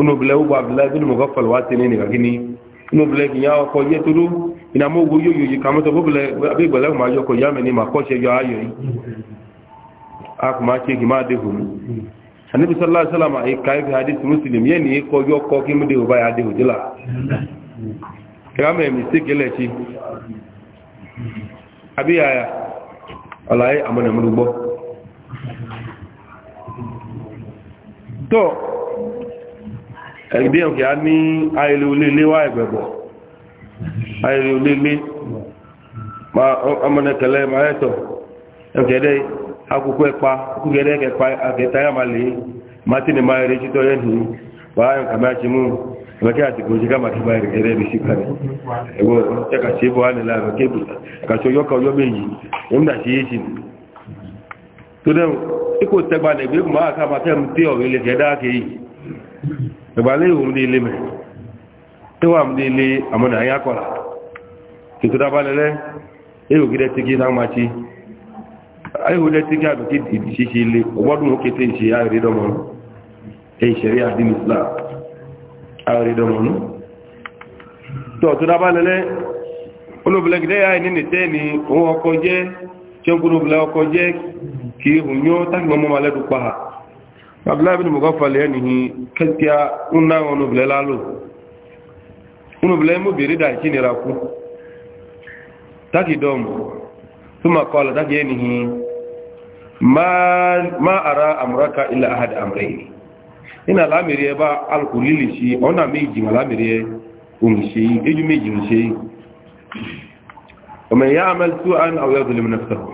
انو بلاو عبد الله بن مغفل واتني ني كني انو بلاو يا كو يتلو ان مو وو يو يو كامو تو بلا ابي بلا ما يو كو يامني ما كو شي يو ايو اك ما تي ما دهون النبي صلى الله عليه وسلم اي كاي في حديث مسلم يني كو يو كو كي مدي وبا يا دهو دلا كلام ميستيك لشي ابي يا الله امنا مدو tó ẹgbẹ́ òkè a ní ayẹlẹ olélé wá ẹgbẹ̀gbọ̀ ayẹlẹ olélé ọmọnẹkẹlẹ ma ẹ̀tọ̀ ẹgbẹ̀dẹ́ akókó ẹpa kúgẹ́dẹ́ kẹpa akẹta yà máa lè martin ma ẹrẹ títọ́ yẹn nìyí wà áyàn kàmí àti mú ẹgbẹ́ àti gòjì ká màkì báyìí ẹgbẹ́ bí sí kàmí ẹgbẹ́ ẹka sí bọ́ ánìlá ẹgbẹ́ kébù kàtó yọkọ̀ yọ́ méjì ó ń dà sí yéṣin tó dẹ́wọ̀n ikú tẹgbà nẹ̀gbẹ́ kùmọ́ àkàmà tẹ́ mú tí ọ̀rẹ́ lè kẹ́dá kìí ìgbàlẹ́ ìwò mú ilé mẹ́ tí wà mú ilé àmọ́nà ayá kọ́lá kìtò dábálẹ́lẹ́ èyò gídẹ́ tí kí sáwọn àti ayò dẹ́ tí kí ó kété ìṣe islam àrídọ́mọ́nú tó tó dábálẹ́lẹ́ olóbìnrin gídẹ́ yá ẹni nìtẹ́ ọkọ̀ jẹ́ ke hunyo tak mama mala du paha abdullah ibn mughaffal yani kaskiya unna wono bilalo uno bilemo biri da kini raku taki dom kuma qala taki yani ma ma ara amraka illa ahad amrayn ina lamiri ba alkulili shi ona meji umshi umshi ومن يعمل سوءا او يظلم نفسه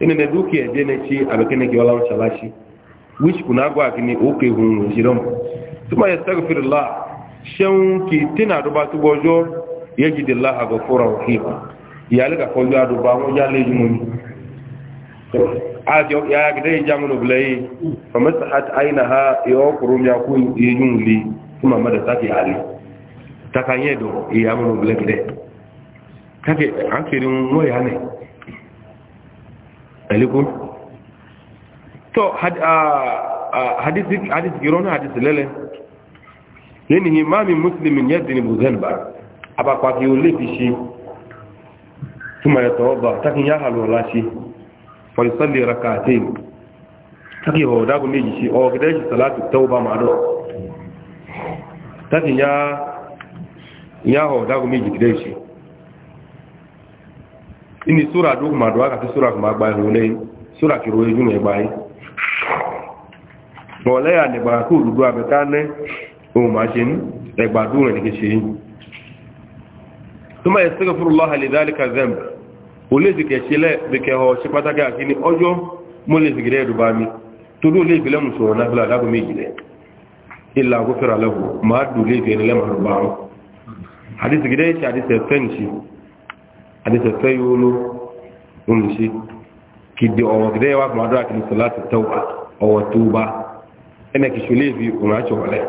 enene dukia jenechi abekene kiwala mshalashi which kuna agwa kini oke hun jirom tuma yastaghfirullah shan ki tina duba tu gojo yajidillah ghafura rahima yale ka ko ya duba mo ya le jumu ajo ya gide jamu no blai famasahat ainaha yawkurum ya yunli kuma mada taki ali takanye do iyamu no gide kake mo ya ne ẹ̀lẹ́kùn tọ́ ah, ah, hadith gírọ́nà hadith lẹ́lẹ́ yẹni yìí máa mi muslimin yẹ́ dìní bù zẹ́nbà abapaki o lè fi ṣe túnmọ̀ ẹ̀tọ́ ọba takin yá hàlù ọ̀la ṣe fọ̀lìsọ́lì raka àti ìlú takin ìhọ̀ ọ̀dágun méjì ṣe ọ̀gẹ́dẹ́ ṣe sàlátì tẹ́wọ́ bá máa dọ̀ takin yá họ̀ ọ̀dágun méjì gẹ́dẹ́ ṣe ini sura duk ma do aka ti sura ma gba hu le sura ki ro eju me gba yi bo le ya ne ba ku du abe ta ne o oh, ma se ni e gba du re ni ke se yi tuma yastaghfirullah li dhalika dhanb o le zike se le be ke ho se pataka akini ojo mo le zikire du ba mi to do le bi le mu so na bla da ko mi jile illa ghufira lahu ma du le bi ne le ma ba hadith gide hadith fenshi àdìsẹ̀ fẹ́ yóò ló olùṣe kìdí ọ̀wọ̀ gidẹ́ wa kùnmọ́ àdúrà kìdí sọ̀lá ti tẹ́wà ọ̀wọ̀ tó bá ẹnẹ kìṣù lè fi òun àṣọ wọlẹ̀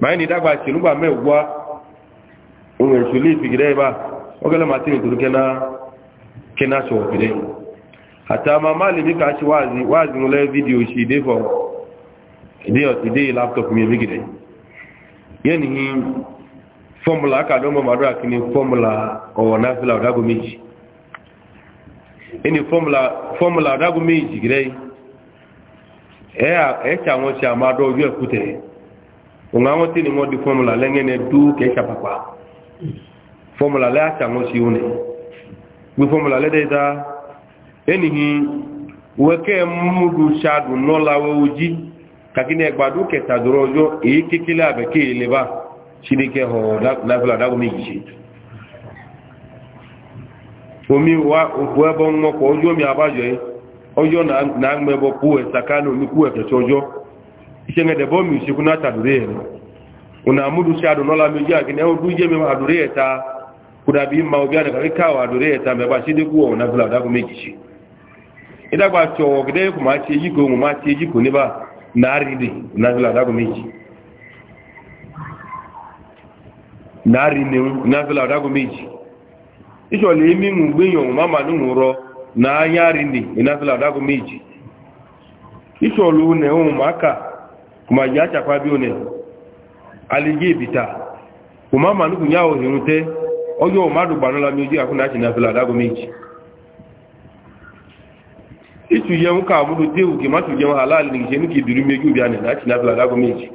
báyìí ní dàgbà ṣèlúgbà mẹ́wàá òun fi gidẹ́ bá ọgẹ́lẹ́ màá tẹ̀yìn kena fọ mi fọ́mùlà akàdọ́mọ̀ màdúrà kí ni fọ́mùlà ọ̀wọ̀ náfílà fɔmula méjì ẹni fọ́mùlà ọ̀dágún méjì rẹ̀ ẹ̀ẹ́kì àwọn ṣe ni wọ́n di fọ́mùlà lẹ́ngẹ́nẹ dú kẹ́ṣà pàpà fọ́mùlà lẹ́àṣà àwọn ṣe òun gbé fọ́mùlà lẹ́dẹ́ta ẹni hi wẹ́kẹ́ múdu ṣáàdùn nọ́lá wẹ́ ojí kàkínẹ́gbàdú kẹtàdúrọ̀ chineke hụrụ nafila dagom igichi omi wa okwu ebe nwọkọ ọjọọ mi abajọ ọjọọ na agba ebe kwuwe sakana omi kwuwe kecha ọjọọ ise ngedebe omi usekwu na atadure ya una amudu si adunola meji agini ewu du ije mi adure ya ta kudabi ma obi adaka kika wa adure ya ta meba si dekwu ọwụ nafila dagom igichi ịdagba chọọ ọgide kuma ti ejiko ụmụ ma ti ejiko n'ebe a na arịrị nafila dagom igichi náàrí nìun náàfílà ọ̀dágún méjì ìṣọ̀lẹ̀ èmi ń gbìyàn máma nínú rọ náàyárí nì náàfílà ọ̀dágún méjì ìṣọ̀lẹ̀ òun ẹ̀hún máka kùmà yá àṣàpá bí òun ẹ̀ alẹ́gbẹ́ ìbìta kùmà mà nínú yá òhìrún tẹ́ ọjọ́ òmádùgbà náà lámì ojú àkúnná àti náàfílà ọ̀dágún méjì ìtù yẹun káàmúdó déwù kì má tù yẹun àlàálì nìṣẹ́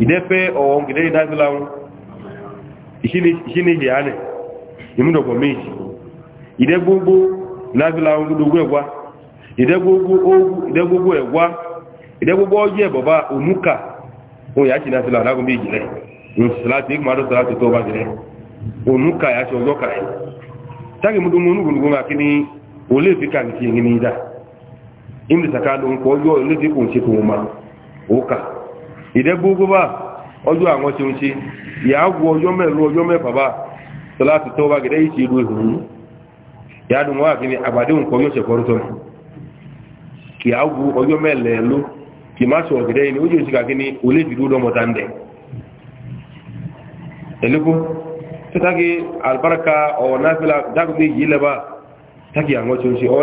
idepe o ngide idazila un ishini ishini hiane imundo ko meji ide gugu nazila un gugu egwa ide gugu ogu ide gugu egwa ide gugu oje baba onuka o ya ti nazila na ko meji le salati ma do salati to ba dire onuka ya ti ojo kai tagi mudu munu gugu ngakini ole fi kan ti ngini da imdi sakado ko yo ole ti ko se ko ma oka ìdẹ́ gbogbo bá ọjọ́ àwọn ṣeun ṣe ìyá wọ ọjọ́ mẹ́rù ọjọ́ mẹ́fà bá tó láti tọ́ bá gẹ̀dẹ́ ìṣe ìlú ìhùn ìyá dùn wá kí ni àbàdé nǹkan yóò ṣẹ̀kọ́ rútọ́ kì á wọ ọjọ́ mẹ́lẹ̀ ló kì má sọ gẹ̀dẹ́ yìí ni ó yóò ṣe kàkí ni olè dúró lọ́mọta ń dẹ̀ ẹ̀lẹ́kọ́ tó tági ọ̀wọ̀ náà fi dágbé yìí lẹ́bà tági àwọn ṣeun ṣe ọ̀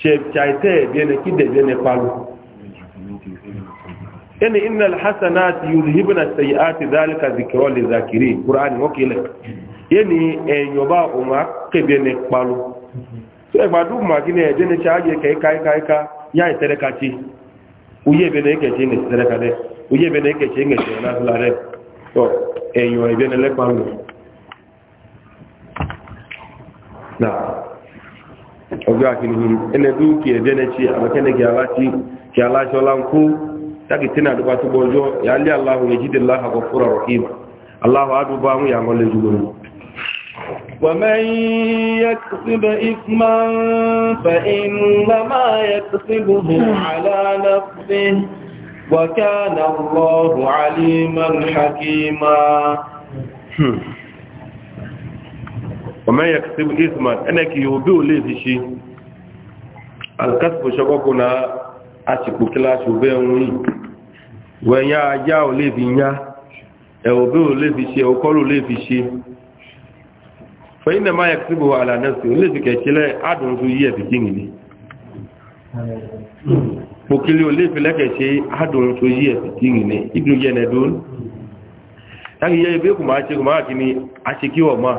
shaitaite bene kide bene palu yani inna alhasanati yuzhibna sayiati dhalika dhikra lizakirin qur'ani wakile yani enyoba uma kebene palu so e gbadu ma gine bene chaje kai kai kai ka ya itere kachi uye bene ke chine itere kale uye bene ke chine na lare to enyo e bene le palu na ọjọ́ àkìlìhìn ẹnẹ́dú kí ẹ̀dẹ́nẹ́tì àmọ́kẹ́nẹ́gì aláṣọ́lá ń kó tákìtínà àdúgbà tó gbọ́jọ́ yálẹ́ aláhùn èjìdínláhà kọ fúra rọ̀kìmà aláhùn àdúgbà mú ìyàmọ́ lẹ́jù lórí ومن يكسب إثما فإنما يكسبه على نفسه وكان الله ومن يكسب إثما أنك يوبيو ليه شيء الكسب شكوكنا أشكو كلا شبيعوني وإن يأجاو ليه نيا يوبيو ليه شيء وقالوا ليه شيء فإنما يكسبه على نفسه ليه كيشيلا أدون سوية في جيني pokele ole fi lẹ́kẹ̀ẹ́ṣe adùn tó yí ẹ̀fì tí ìrìn ní ìdún yẹ́ ẹ̀nẹ́dún láti yẹ́ ibi kùnmá ṣe kùnmá kìíní aṣekíwọ̀ máa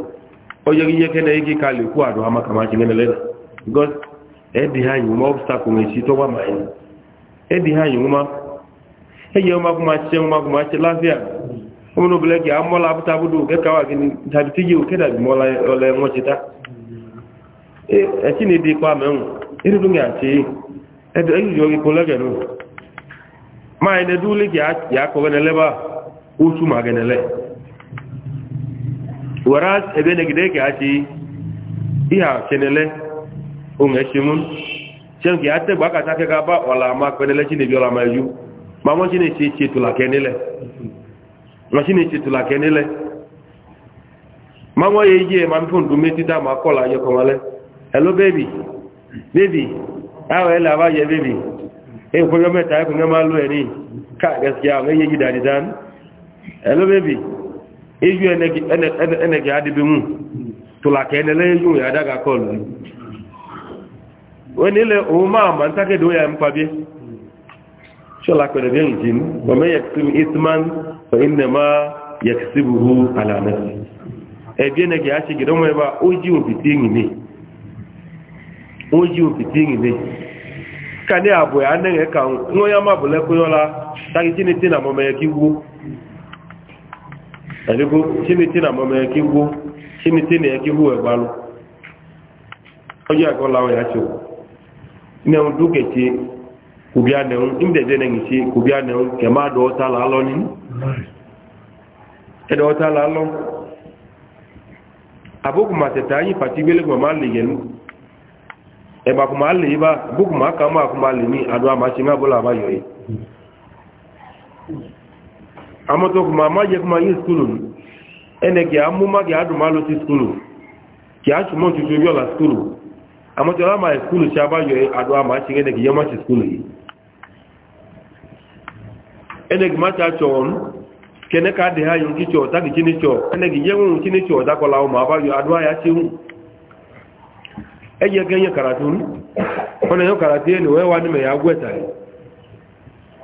na gị ihe kene ike ka lekwu adụ ha maka maka nenele gos edi ha nyinwuma ọbstakụl na-esi tọgba ma anyị edi ha nyinwuma enye ụmagụmachiche ụmagụmachiche lafia ụmụnụ obele gị amụla gị echi e, e na ma ya e ma gị na ele Wara ebe negide ka achi ihe chenele onwe chimun chen ka ate gba kacha ke gaba ola ma penele ola ma ma mo chinechi tula kenele ma chinechi tula kenele ma mo ye ye ma ma kola yo komale hello baby baby ba ye baby e, e ma lu eni ka gaskiya dan hello baby eju enegi adịbi nwu tụla ka enele eju ya ada ga kọlụ onye ile omume a ma ntakedo ya mkpabie shola kwere bi nji wa me yaksim itman fa inna ma yaksibuhu ala nafsi ebi enegi achi gido nwe ba oji opiti ngine oji opiti ngine ka ni abu ya anenge ka nwoya mabule kuyola tagi chini tina mama ya kiwu ẹ̀dígbó kíni tí nàmọ́ mẹ́ kí gbó kíni tí nìyẹ kí hù ẹ̀gbá lọ ọjọ́ ẹ̀kọ́ láwọn ìyá tí ó ní ẹ̀hún dúkẹ̀tì kò bí anẹ̀hún ìmìtẹ̀jẹ́ nẹ̀ nìṣe kò bí anẹ̀hún kẹ̀má dọ̀ ọ́ta làálọ́ ní ẹ̀dọ̀ ọ́ta làálọ́ àbókù mà tẹ̀tẹ̀ ayé pàtí gbélé kò lè yẹn ẹ̀bà kò má lè yí bá bókù má kà má kò má lè ní àdó amato kuma ma je kuma yi skulu ene ki amu ma ki adu malo ti skulu ki asu mo ti jojo la skulu amato la ma skulu sha ba yo adu ama chi ene ki yema kene ka de ha yun ki chini cho ene ki chini cho da ko la o ma ba yo adu aya chi hu eye genye karatu ona yo karatu ene we wa ya gweta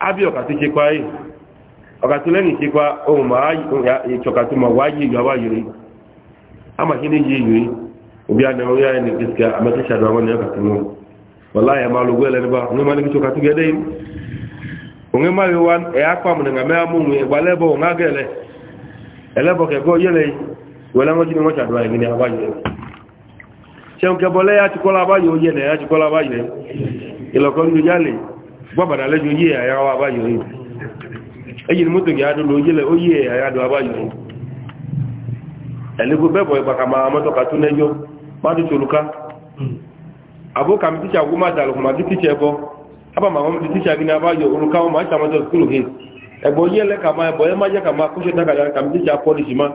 abi ọ̀kàtí ṣe kwa yìí ọ̀kàtí lẹ́yìn ṣe kwa ohun máa ìṣọ̀kàtí ma wá yìí yàwá yìí a máa ṣe ní yìí yìí òbí àdáwọn yá ẹni kìsìkà àmẹ́tí ṣàdọ̀wọ́n ní ọ̀kàtí mú wọlá ẹ̀ máa lógún ẹlẹ́ni bá ní máa ní ṣọ̀kàtí gẹ́dẹ́ yìí òun máa yọ wá ẹ̀ apá mọ̀ nígbà mẹ́ra mú ìgbàlẹ́bọ̀ òun á gẹ̀lẹ̀ ẹlẹ́bọ̀ kẹ̀kọ́ yẹlẹ̀ wọlé wọn jí ni wọ́n ṣàdọ̀wọ́ ní abáyé ṣẹ́un gbọ́bàdà lẹ́jọ́ yí ẹ̀yà wa báyìí rí ẹ̀yìn ni mọ́tò yàá dúró yílẹ̀ ó yí ẹ̀yà yàá dúró báyìí rí ẹ̀lẹ́gbò bẹ́ẹ̀bọ̀ ìpàkà máa mọ́tò kà tún lẹ́jọ́ má tó tòlùká àbókà mi tíṣà wó má dàlù kùmà bí tíṣà ẹbọ ábà màwọn mi tíṣà bí ní abáyọ òrùka wọn máa ń sàmọ́tò skúlù hì ẹ̀gbọ́ yẹ́lẹ́ kà máa ẹ̀bọ̀ ẹ má jẹ́ kà máa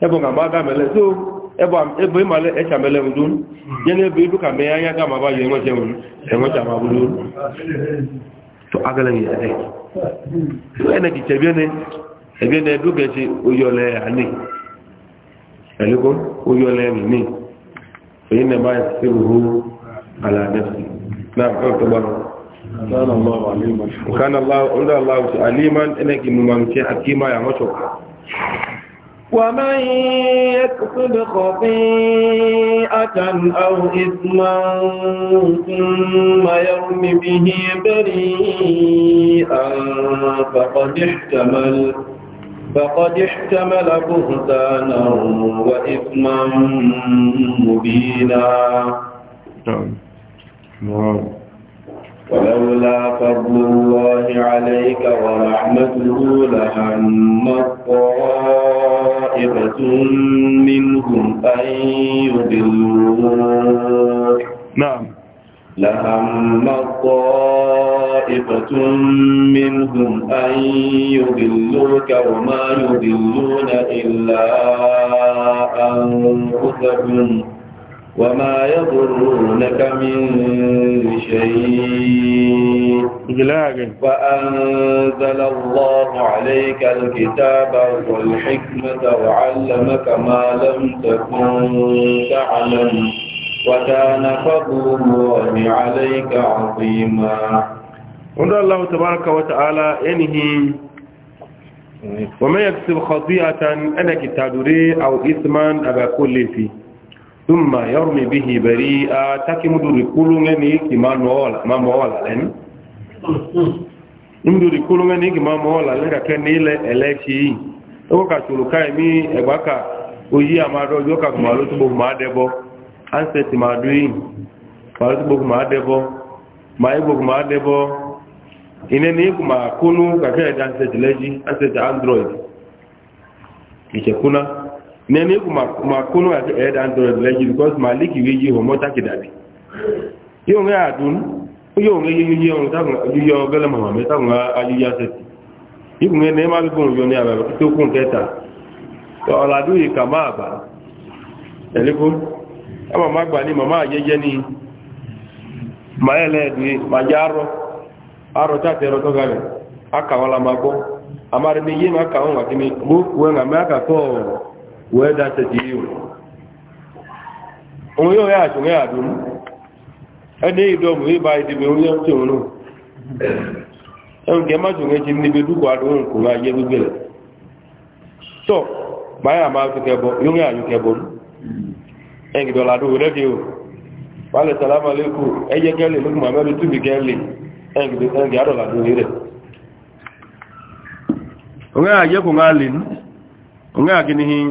ebo nga mba ga mele so ebo ebo imale echa mele mdu je ne ebe duka me anya ga maba yo enweche mu enwecha ma bulu to agale ni ade so ene ki chebie ne ebe ne duke chi uyole ani eliko uyole ni ni so ine ba yasibuhu ala nafsi na ko to ba kana allah aliman kana allah unda allah aliman ene ki mumamche hakima ya machoka ومن يكسب خطيئة أو إثما ثم يرم به بريئا فقد احتمل فقد احتمل بهتانا وإثما مبينا. نعم. نعم. ولولا فضل الله عليك ورحمته لهم طائفة منهم أن يضلوك نعم لهم طائفة منهم أن يضلوك وما يضلون إلا أنفسهم وما يضرونك من شيء وأنزل الله عليك الكتاب والحكمة وعلمك ما لم تكن تعلم وكان فضل الله عليك عظيما عند الله تبارك وتعالى إنه ومن يكسب خطيئة أنا كتادري أو إثما أبا كل فيه thumma yarmi bihi bari'a takimuduri kulungeni kimanola mamola len imduri kulungeni kimamola len ka keni ile elechi o ka tuluka mi egbaka oyi amado jo ka kumalo tubo ma debo anse ti madui palo tubo ma debo ma ibo ma debo inene kuma kunu ka ke danse leji anse android kuna nene ku ma kunu ati e eh, dan do le because maliki wi ji ho mota ki dabi yo nga adun yo nga yi yo ta gele mama me ta nga ya se ti ku ne ma bi bon yo ne ala to kun keta to ala du yi kama ba ele ko ama ma gba ni mama ajeje ni ma ele du ma jaro aro ta te ro to gale aka wala ma go wee dataji iwe onye onye achụ nye adum ẹdẹ ìdọ̀bù ìbá ìdìbò onye ọ̀tí òun náà ẹn kẹ má jùlọ ẹjì níbi dúkọ̀ adùn kò máa yẹ gbígbé rẹ̀ tọ́ báyà máa fi kẹbọ yóò ní àyù kẹbọ ẹn kì dọ̀là dùn rẹ́díò wàlẹ̀ sàlámà lẹ́kù ẹyẹ kẹ́lẹ̀ lókùn túbì kẹ́lẹ̀ ẹn kì adọ̀là dùn rẹ̀ onye àyẹ̀kùn á lè onye àgínihìn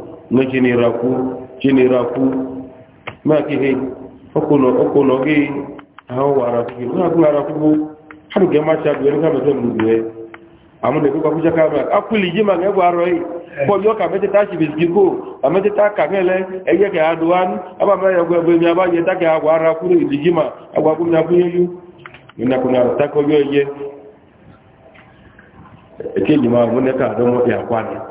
me chinira kwu makihe ọkụnọ gị ahụ wara gị ọwụwa ha nụ ga bụ cha gụọ mgbe amụ na ekwe kwapụcha akwụli ji ma ga arọ yi ka mecheta chibis ka gele enye ka ha dụwa aba m ya aba jeta ka ha gwa ara kwuru ji ma agwa m ya kwụnye yu nyakwụna takọ yo eye ekeji ma ka adọmọ ya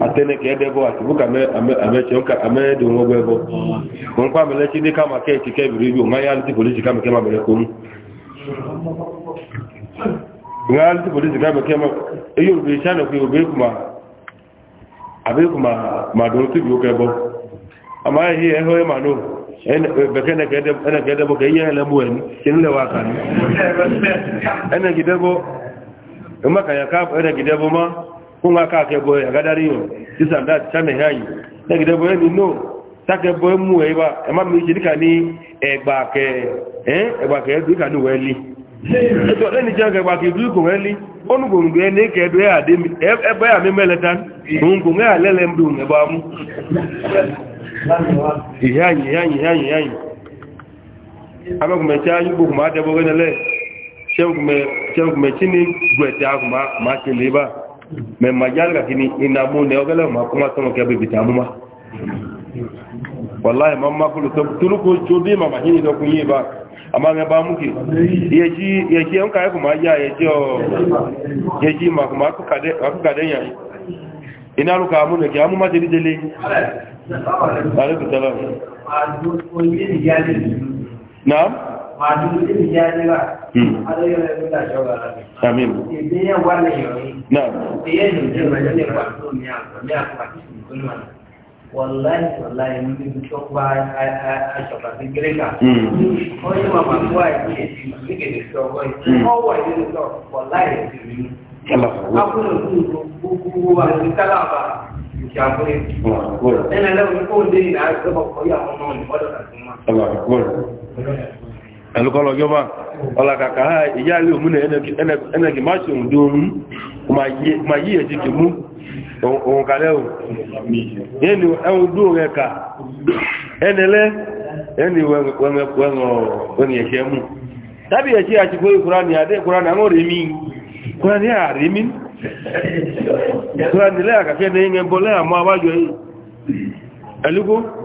ateneke edebo ati buka ameche nka amedo nwogo ebo nkwa melechi ndị kama keeti kebiri ibu ma ya alụti polisi kama kema mere kom nwa alụti polisi kama kema eyi obiri chana kwe obe kuma abeku ma ma doro tibi oke ebo ama ihe eho ema no beke eneke edebo ka ihe ele mgbe kenlewa aka emaka ya ka ma fún aka akẹbọ àgádárí yàn sísà dá sàmẹ̀ hàn yìí lẹ́gìdẹ́ ẹni náà sákẹbọ mú ẹ bá ẹ má mi ṣe níkà ní ẹgbàkẹ ẹgbàkẹ ẹdùnkà ní wẹ́ẹ́lì ètò ẹni jẹ́ ẹgbàkẹ ìdúkò wẹ́ẹ́lì ọ̀nùgbòǹgbò ẹni kẹdù ẹbẹ́ àmì mẹ́lẹ́ta gbòǹgbò ẹ̀ àlẹ́lẹ́ mú ẹbá mú tí a ní gbẹ̀tẹ̀ máa ṣe lè mɛ majalga kini ina na ne ogele ma kuma tomo ke bibi tamuma wallahi ma kulu to turuko jodi mama hini do kunyi ba amma me ba muki yeji yeji on kai kuma ya yeji o yeji ma kuma ku kade ku kade ya ina ru ka mu ne ke amu ma deli deli alaikum salam na'am Hmm. Àmín. Wàláì wàláì ní ibi tó pa aṣọ̀pá sí Gíríkà. Hmm. Ó yí màmá kó àìsí èsì ní gèdè sí ọgọ́ yìí. Hmm. Ó wọ̀ ìdí lọ wàláì èsì rí. Akúrò sí gbogbo àti kálábà ìṣàkóyè. Ẹnlẹ́ lẹ́wọ̀n kó lè ní àjọ ọkọ̀ yà ọmọ ọ̀nà ọ̀dọ̀ àti mọ́ ẹlùkọ́lọ̀ yọba ọlàkàkà ha ìyá ilé òmúnà ẹnẹ̀kì má ṣe òun dóorun ma yí ẹ̀jì kì mú òun kalẹ́ òun ẹni ẹun dóò rẹ ka ẹnẹlẹ́ ẹni wẹ̀rẹ̀ ẹ̀ṣẹ́ mú tàbí ẹ̀ṣẹ́ àti kó ìkúránì àdé ìkúránì àwọn rèmí ìkúránì àrèmí ìkúránì lẹ́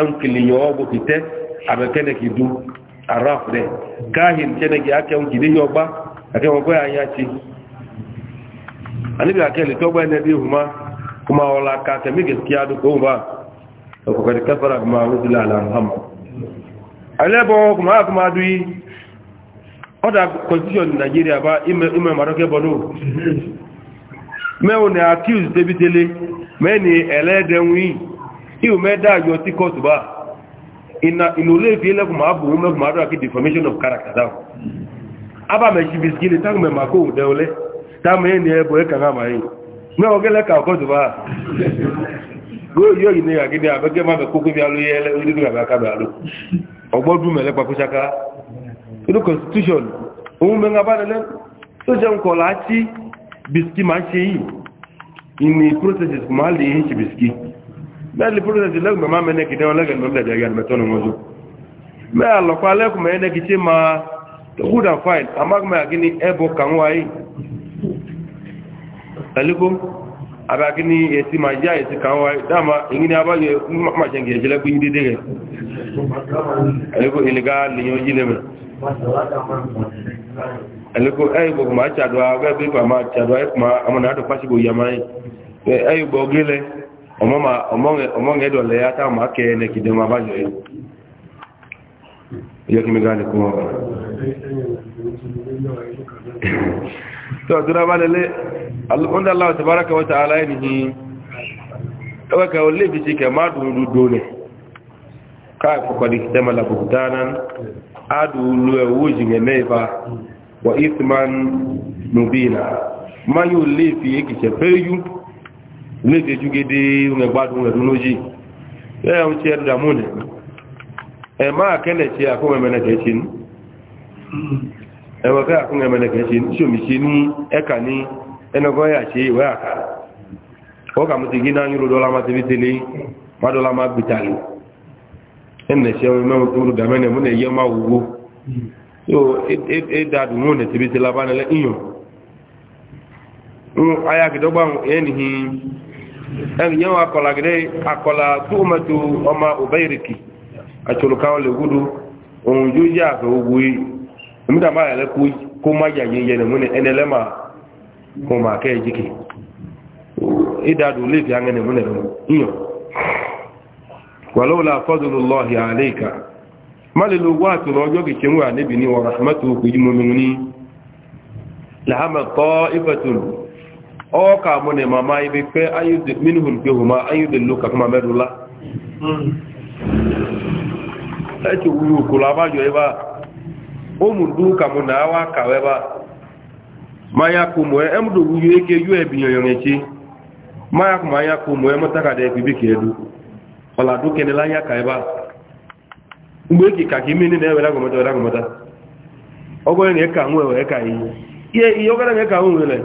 ẹnkìlì yọ ọgbò fìtẹ́ àbẹ̀kẹ́nẹ̀kì dú araf rẹ̀ káàhìn tẹ́nẹ̀kì akẹ́wọ̀nkì ní yọgbá akẹ́wọ̀nkọ́ àyàtì anibi akẹ́lì tọ́gbà ẹnẹ́bí ìhùmá kuma ọlá kàtẹ̀ mígẹ̀sì adùkọ́ òun bá ọkọ̀kọ̀dì kẹfàrà kùmà rúdìlà àlàmù alẹ́bọ̀ kùmà kùmà dù yí ọ̀dà constitution nigeria bá imẹ̀ marokẹ́bọ̀ iwu meda yo ti court ba ina inule fi le kuma abu me kuma ra ki defamation of character da aba me shi bisgile tang me mako de ole ta me ni ebo e kan ma yi me o gele ka court ba go yo ya gidi abege ma be kuku bi alu yele o dibi ba ka biski ma se yi ini processes bẹ́ẹ̀lì púrọ̀sẹ̀sì lẹ́gbẹ̀ẹ́ máa mẹ́nẹ́kì ní ọlẹ́gẹ̀ẹ́ lọ́lẹ́dẹ̀ ẹgbẹ̀rún mẹ́tọ́nù wọn jù bẹ́ẹ̀ àlọ́pàá lẹ́kùnmẹ́ ẹnẹ́kì tí ma hood and fine amágbẹ́ àgíní ẹbọ kàwọn ayé ẹ̀lẹ́kọ́ àbágíní èsì máa já èsì kàwọn ayé dáàmà èyí ni abáyé máṣẹ́ngì ẹ̀jẹ̀lẹ́gbẹ́ yí dédé rẹ̀ ẹ̀lẹ́kọ́ ìlẹ́gà lèyàn yí lẹ́mẹ̀ ẹ̀lẹ́kọ́ ẹ̀yìnbọ̀ kùmà àtsàdọ̀ àgbẹ̀gbẹ̀ kùmà àtsàdọ̀ ẹ̀kùmà àmọ̀nà àdọ̀ pàṣípò yàmáyé ẹ̀yìnbọ̀ gílẹ̀ ọmọ́ngẹ́ dọ̀lẹ̀ ya táwọn máa kẹ́ ẹnẹ kìdẹ̀ máa bá yọ yọ yọ kí mi gáà ní kún ọ̀rọ̀ tó àtúrà bá lẹ́lẹ́ ọ̀dọ́lá ọ̀tẹ̀bárakà wọ́ta aláìní ni ẹwẹ́kà ó lè fi ṣe kẹ máa dùn dúdú nẹ káà fọkàdì kìtẹ́ máa làbùkù dáná adùlù ẹ̀wọ́ ìjìnlẹ̀ mẹ́fà wà ìfìmá nùbí yóò lè fi èkìṣẹ́ fẹ́ yú méjèèjú gédé ohun ẹgbádùn ẹ̀dùn lójí ẹ̀hùn tí ẹ̀dùn dàmú nẹ̀ ẹ̀ máa kẹ́lẹ̀ tí àkóhùn ẹ̀mẹ́nẹ̀kẹ́ ṣe ní ẹ̀wọ̀n fẹ́ àkóhùn ẹ̀mẹ́nẹ̀kẹ́ ṣe ní ṣòmì ṣe ní ẹ̀kà ní ẹnagọ́yà ṣe ìwé àkà ọkà mú ti gí náà yúrò dọ́lá máa ti fi tẹ́lé mádọ́lá máa gbìtàlì ẹnẹ̀ṣẹ́ ohun mẹ́rin tó rú dàmẹ́nẹ̀ e yẹn wọn kọla gẹdẹ akọla tóomatu ọmọ ọbẹyìrìkì atsolukawo le wudu ohun yóò yá owó yìí èmi dàbà yàrá kó kó má yà ma kó má kẹ́ ẹ jìkì ìdádò léèfì àngẹ nìmú ni ìyàn wàlúwò la fọdùlù lọhì àlẹkà má lè lo owó àtúrọ ọjọ́ kìkì ń níbi wàrà mẹtò kùjú ọka mụ na mama ibe pe minuhun pe huma ayudelu ka kuma merula eti wuru ukulu abajọ ebe a ụmụndu ka mụ na wa ka ba. Ma ebe a manya kumu e, e emudu wuyu eke yu ebinyoyon echi manya kuma anya kumu e, emuta ka da ebibi ka ke ọladu kenela anya ka ebe a mgbe eki ka ka ime ni na-ewere agụmọta were agụmọta ọgọ ya na-eka nwe ewere ka iyi ihe ihe ọgara na-eka nwe were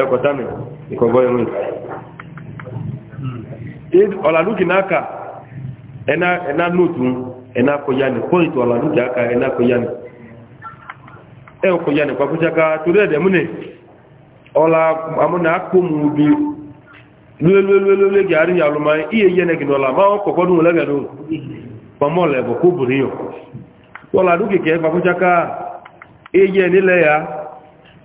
ẹ̀kọ̀tá mi ìkọ̀gọ́ irun ọ̀làlúkì náà kà ẹ̀nà nóòtù ẹ̀nà kọjá ní pọ́ìntì ọ̀làlúkì aka ẹ̀nà kọjá ní ẹ̀hùn kọjá ní pàkúṣáká torí ẹ̀dẹ̀ múnẹ̀ ọ̀là amúnà akómù bí lúlẹ́lúlẹ́lẹ́ gàárí àlùmá iye yẹn nẹ́gìn ọ̀là máa ń kọ̀kọ́ dùn lẹ́gàdùn pamọ́ ọ̀là ẹ̀bọ̀ kó bùnìyàn ọ̀làlúkì kẹ́ pàkúṣáká iye nílẹ̀ yàá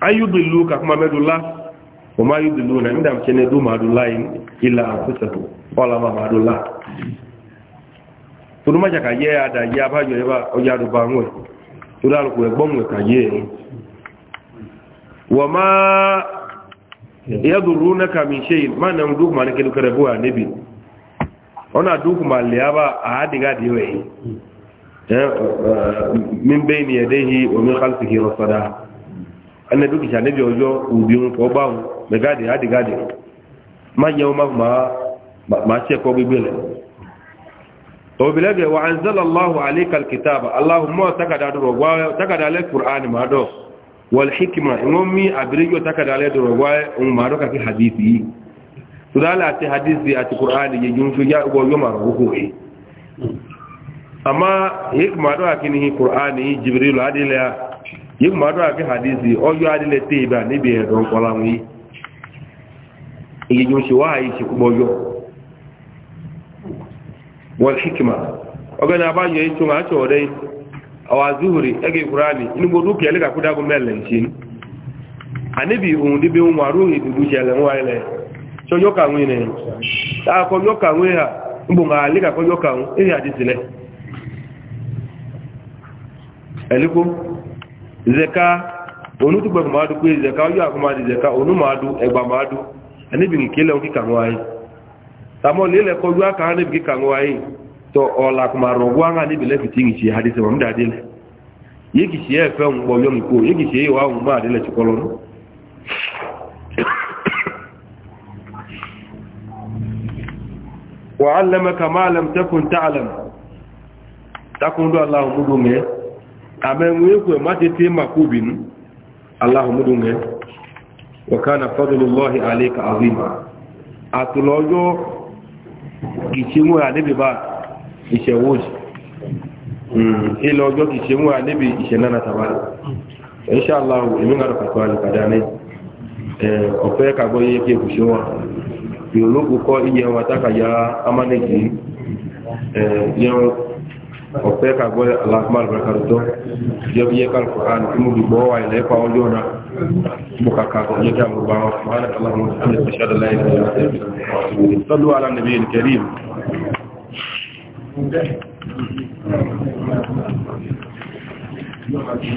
ayudiluka kuma medula wa ma yudiluna inda mkene du madula ila anfusatu wala ma madula tunuma jaka ye ada ya bajo eba ojadu bangwe tudalu ku egbonwe ka ye wa ma yadurunaka min shay ana dukisha nebi ojo ubiun to baun me gade hadi gade ma je o ma ma ma se ko bibele to bilage wa anzala allah alayka alkitaba allahumma takada do gwa takada le qur'an ma do wal hikma ngomi abiriyo takada le do gwa um ma do ka ki hadithi sudala ati hadithi ati qur'an je jun ya go yo ma ro ko e amma hikma do akini qur'ani jibril adila yi mmadụ àbí hadizi ọyọ adílẹ̀ tẹ́ ibẹ̀ a ẹ̀rọ ọpọlọ a yìí èyí ni ó ṣe wáyé ṣe púpọ̀ yọ wọ́n hikima ọ abájọ yìí tó máa ṣọ̀rẹ́ ọwà zuhuri ẹgbẹ́ kúránì inú gbogbo kẹlẹ́ a mẹ́lẹ̀ ṣe ní àníbi ohun níbi ohun àrùn ìdúdú ṣẹlẹ̀ ń zeka onu tugbe ma du kwe zeka yo akuma di zeka onu ma du egba ma du ani bi nkele onki kan wa yi tamo lele ko yo aka ani bi kan wa yi to ola kuma rogwa nga ni bi le fitin chi hadise mo mdade le yiki chi e fe ngbo yo nko yiki chi wa un ma de le chikolo no وعلمك ما لم تكن تعلم تكون الله amenwe kwe matete makubin Allahu mudunge wa kana fadlullahi alayka azima ọjọọ kichimu anibi ba ishewoji mm ile ojo kichimu anibi ishenana tabari insha Allah imi ngara kwa kwani kadane eh ya ka boye ke kushiwa kọ ko iye wataka ya amaneji eh yeo ọ̀pẹ́ ka gbọ́ aláàmàlù bàkàrùtọ́ jẹ́bi yẹ kàlù kùránì tí mo dùgbọ́ wà ilẹ̀ pa ọjọ́ náà mo kàkà kọ̀ yẹ kí a mọ̀ bá wọn fún ààrẹ aláàmù ní ìṣẹ́dá láì ní ìṣẹ́dá tọ́lú ala nàbí yẹn kẹrí Thank you.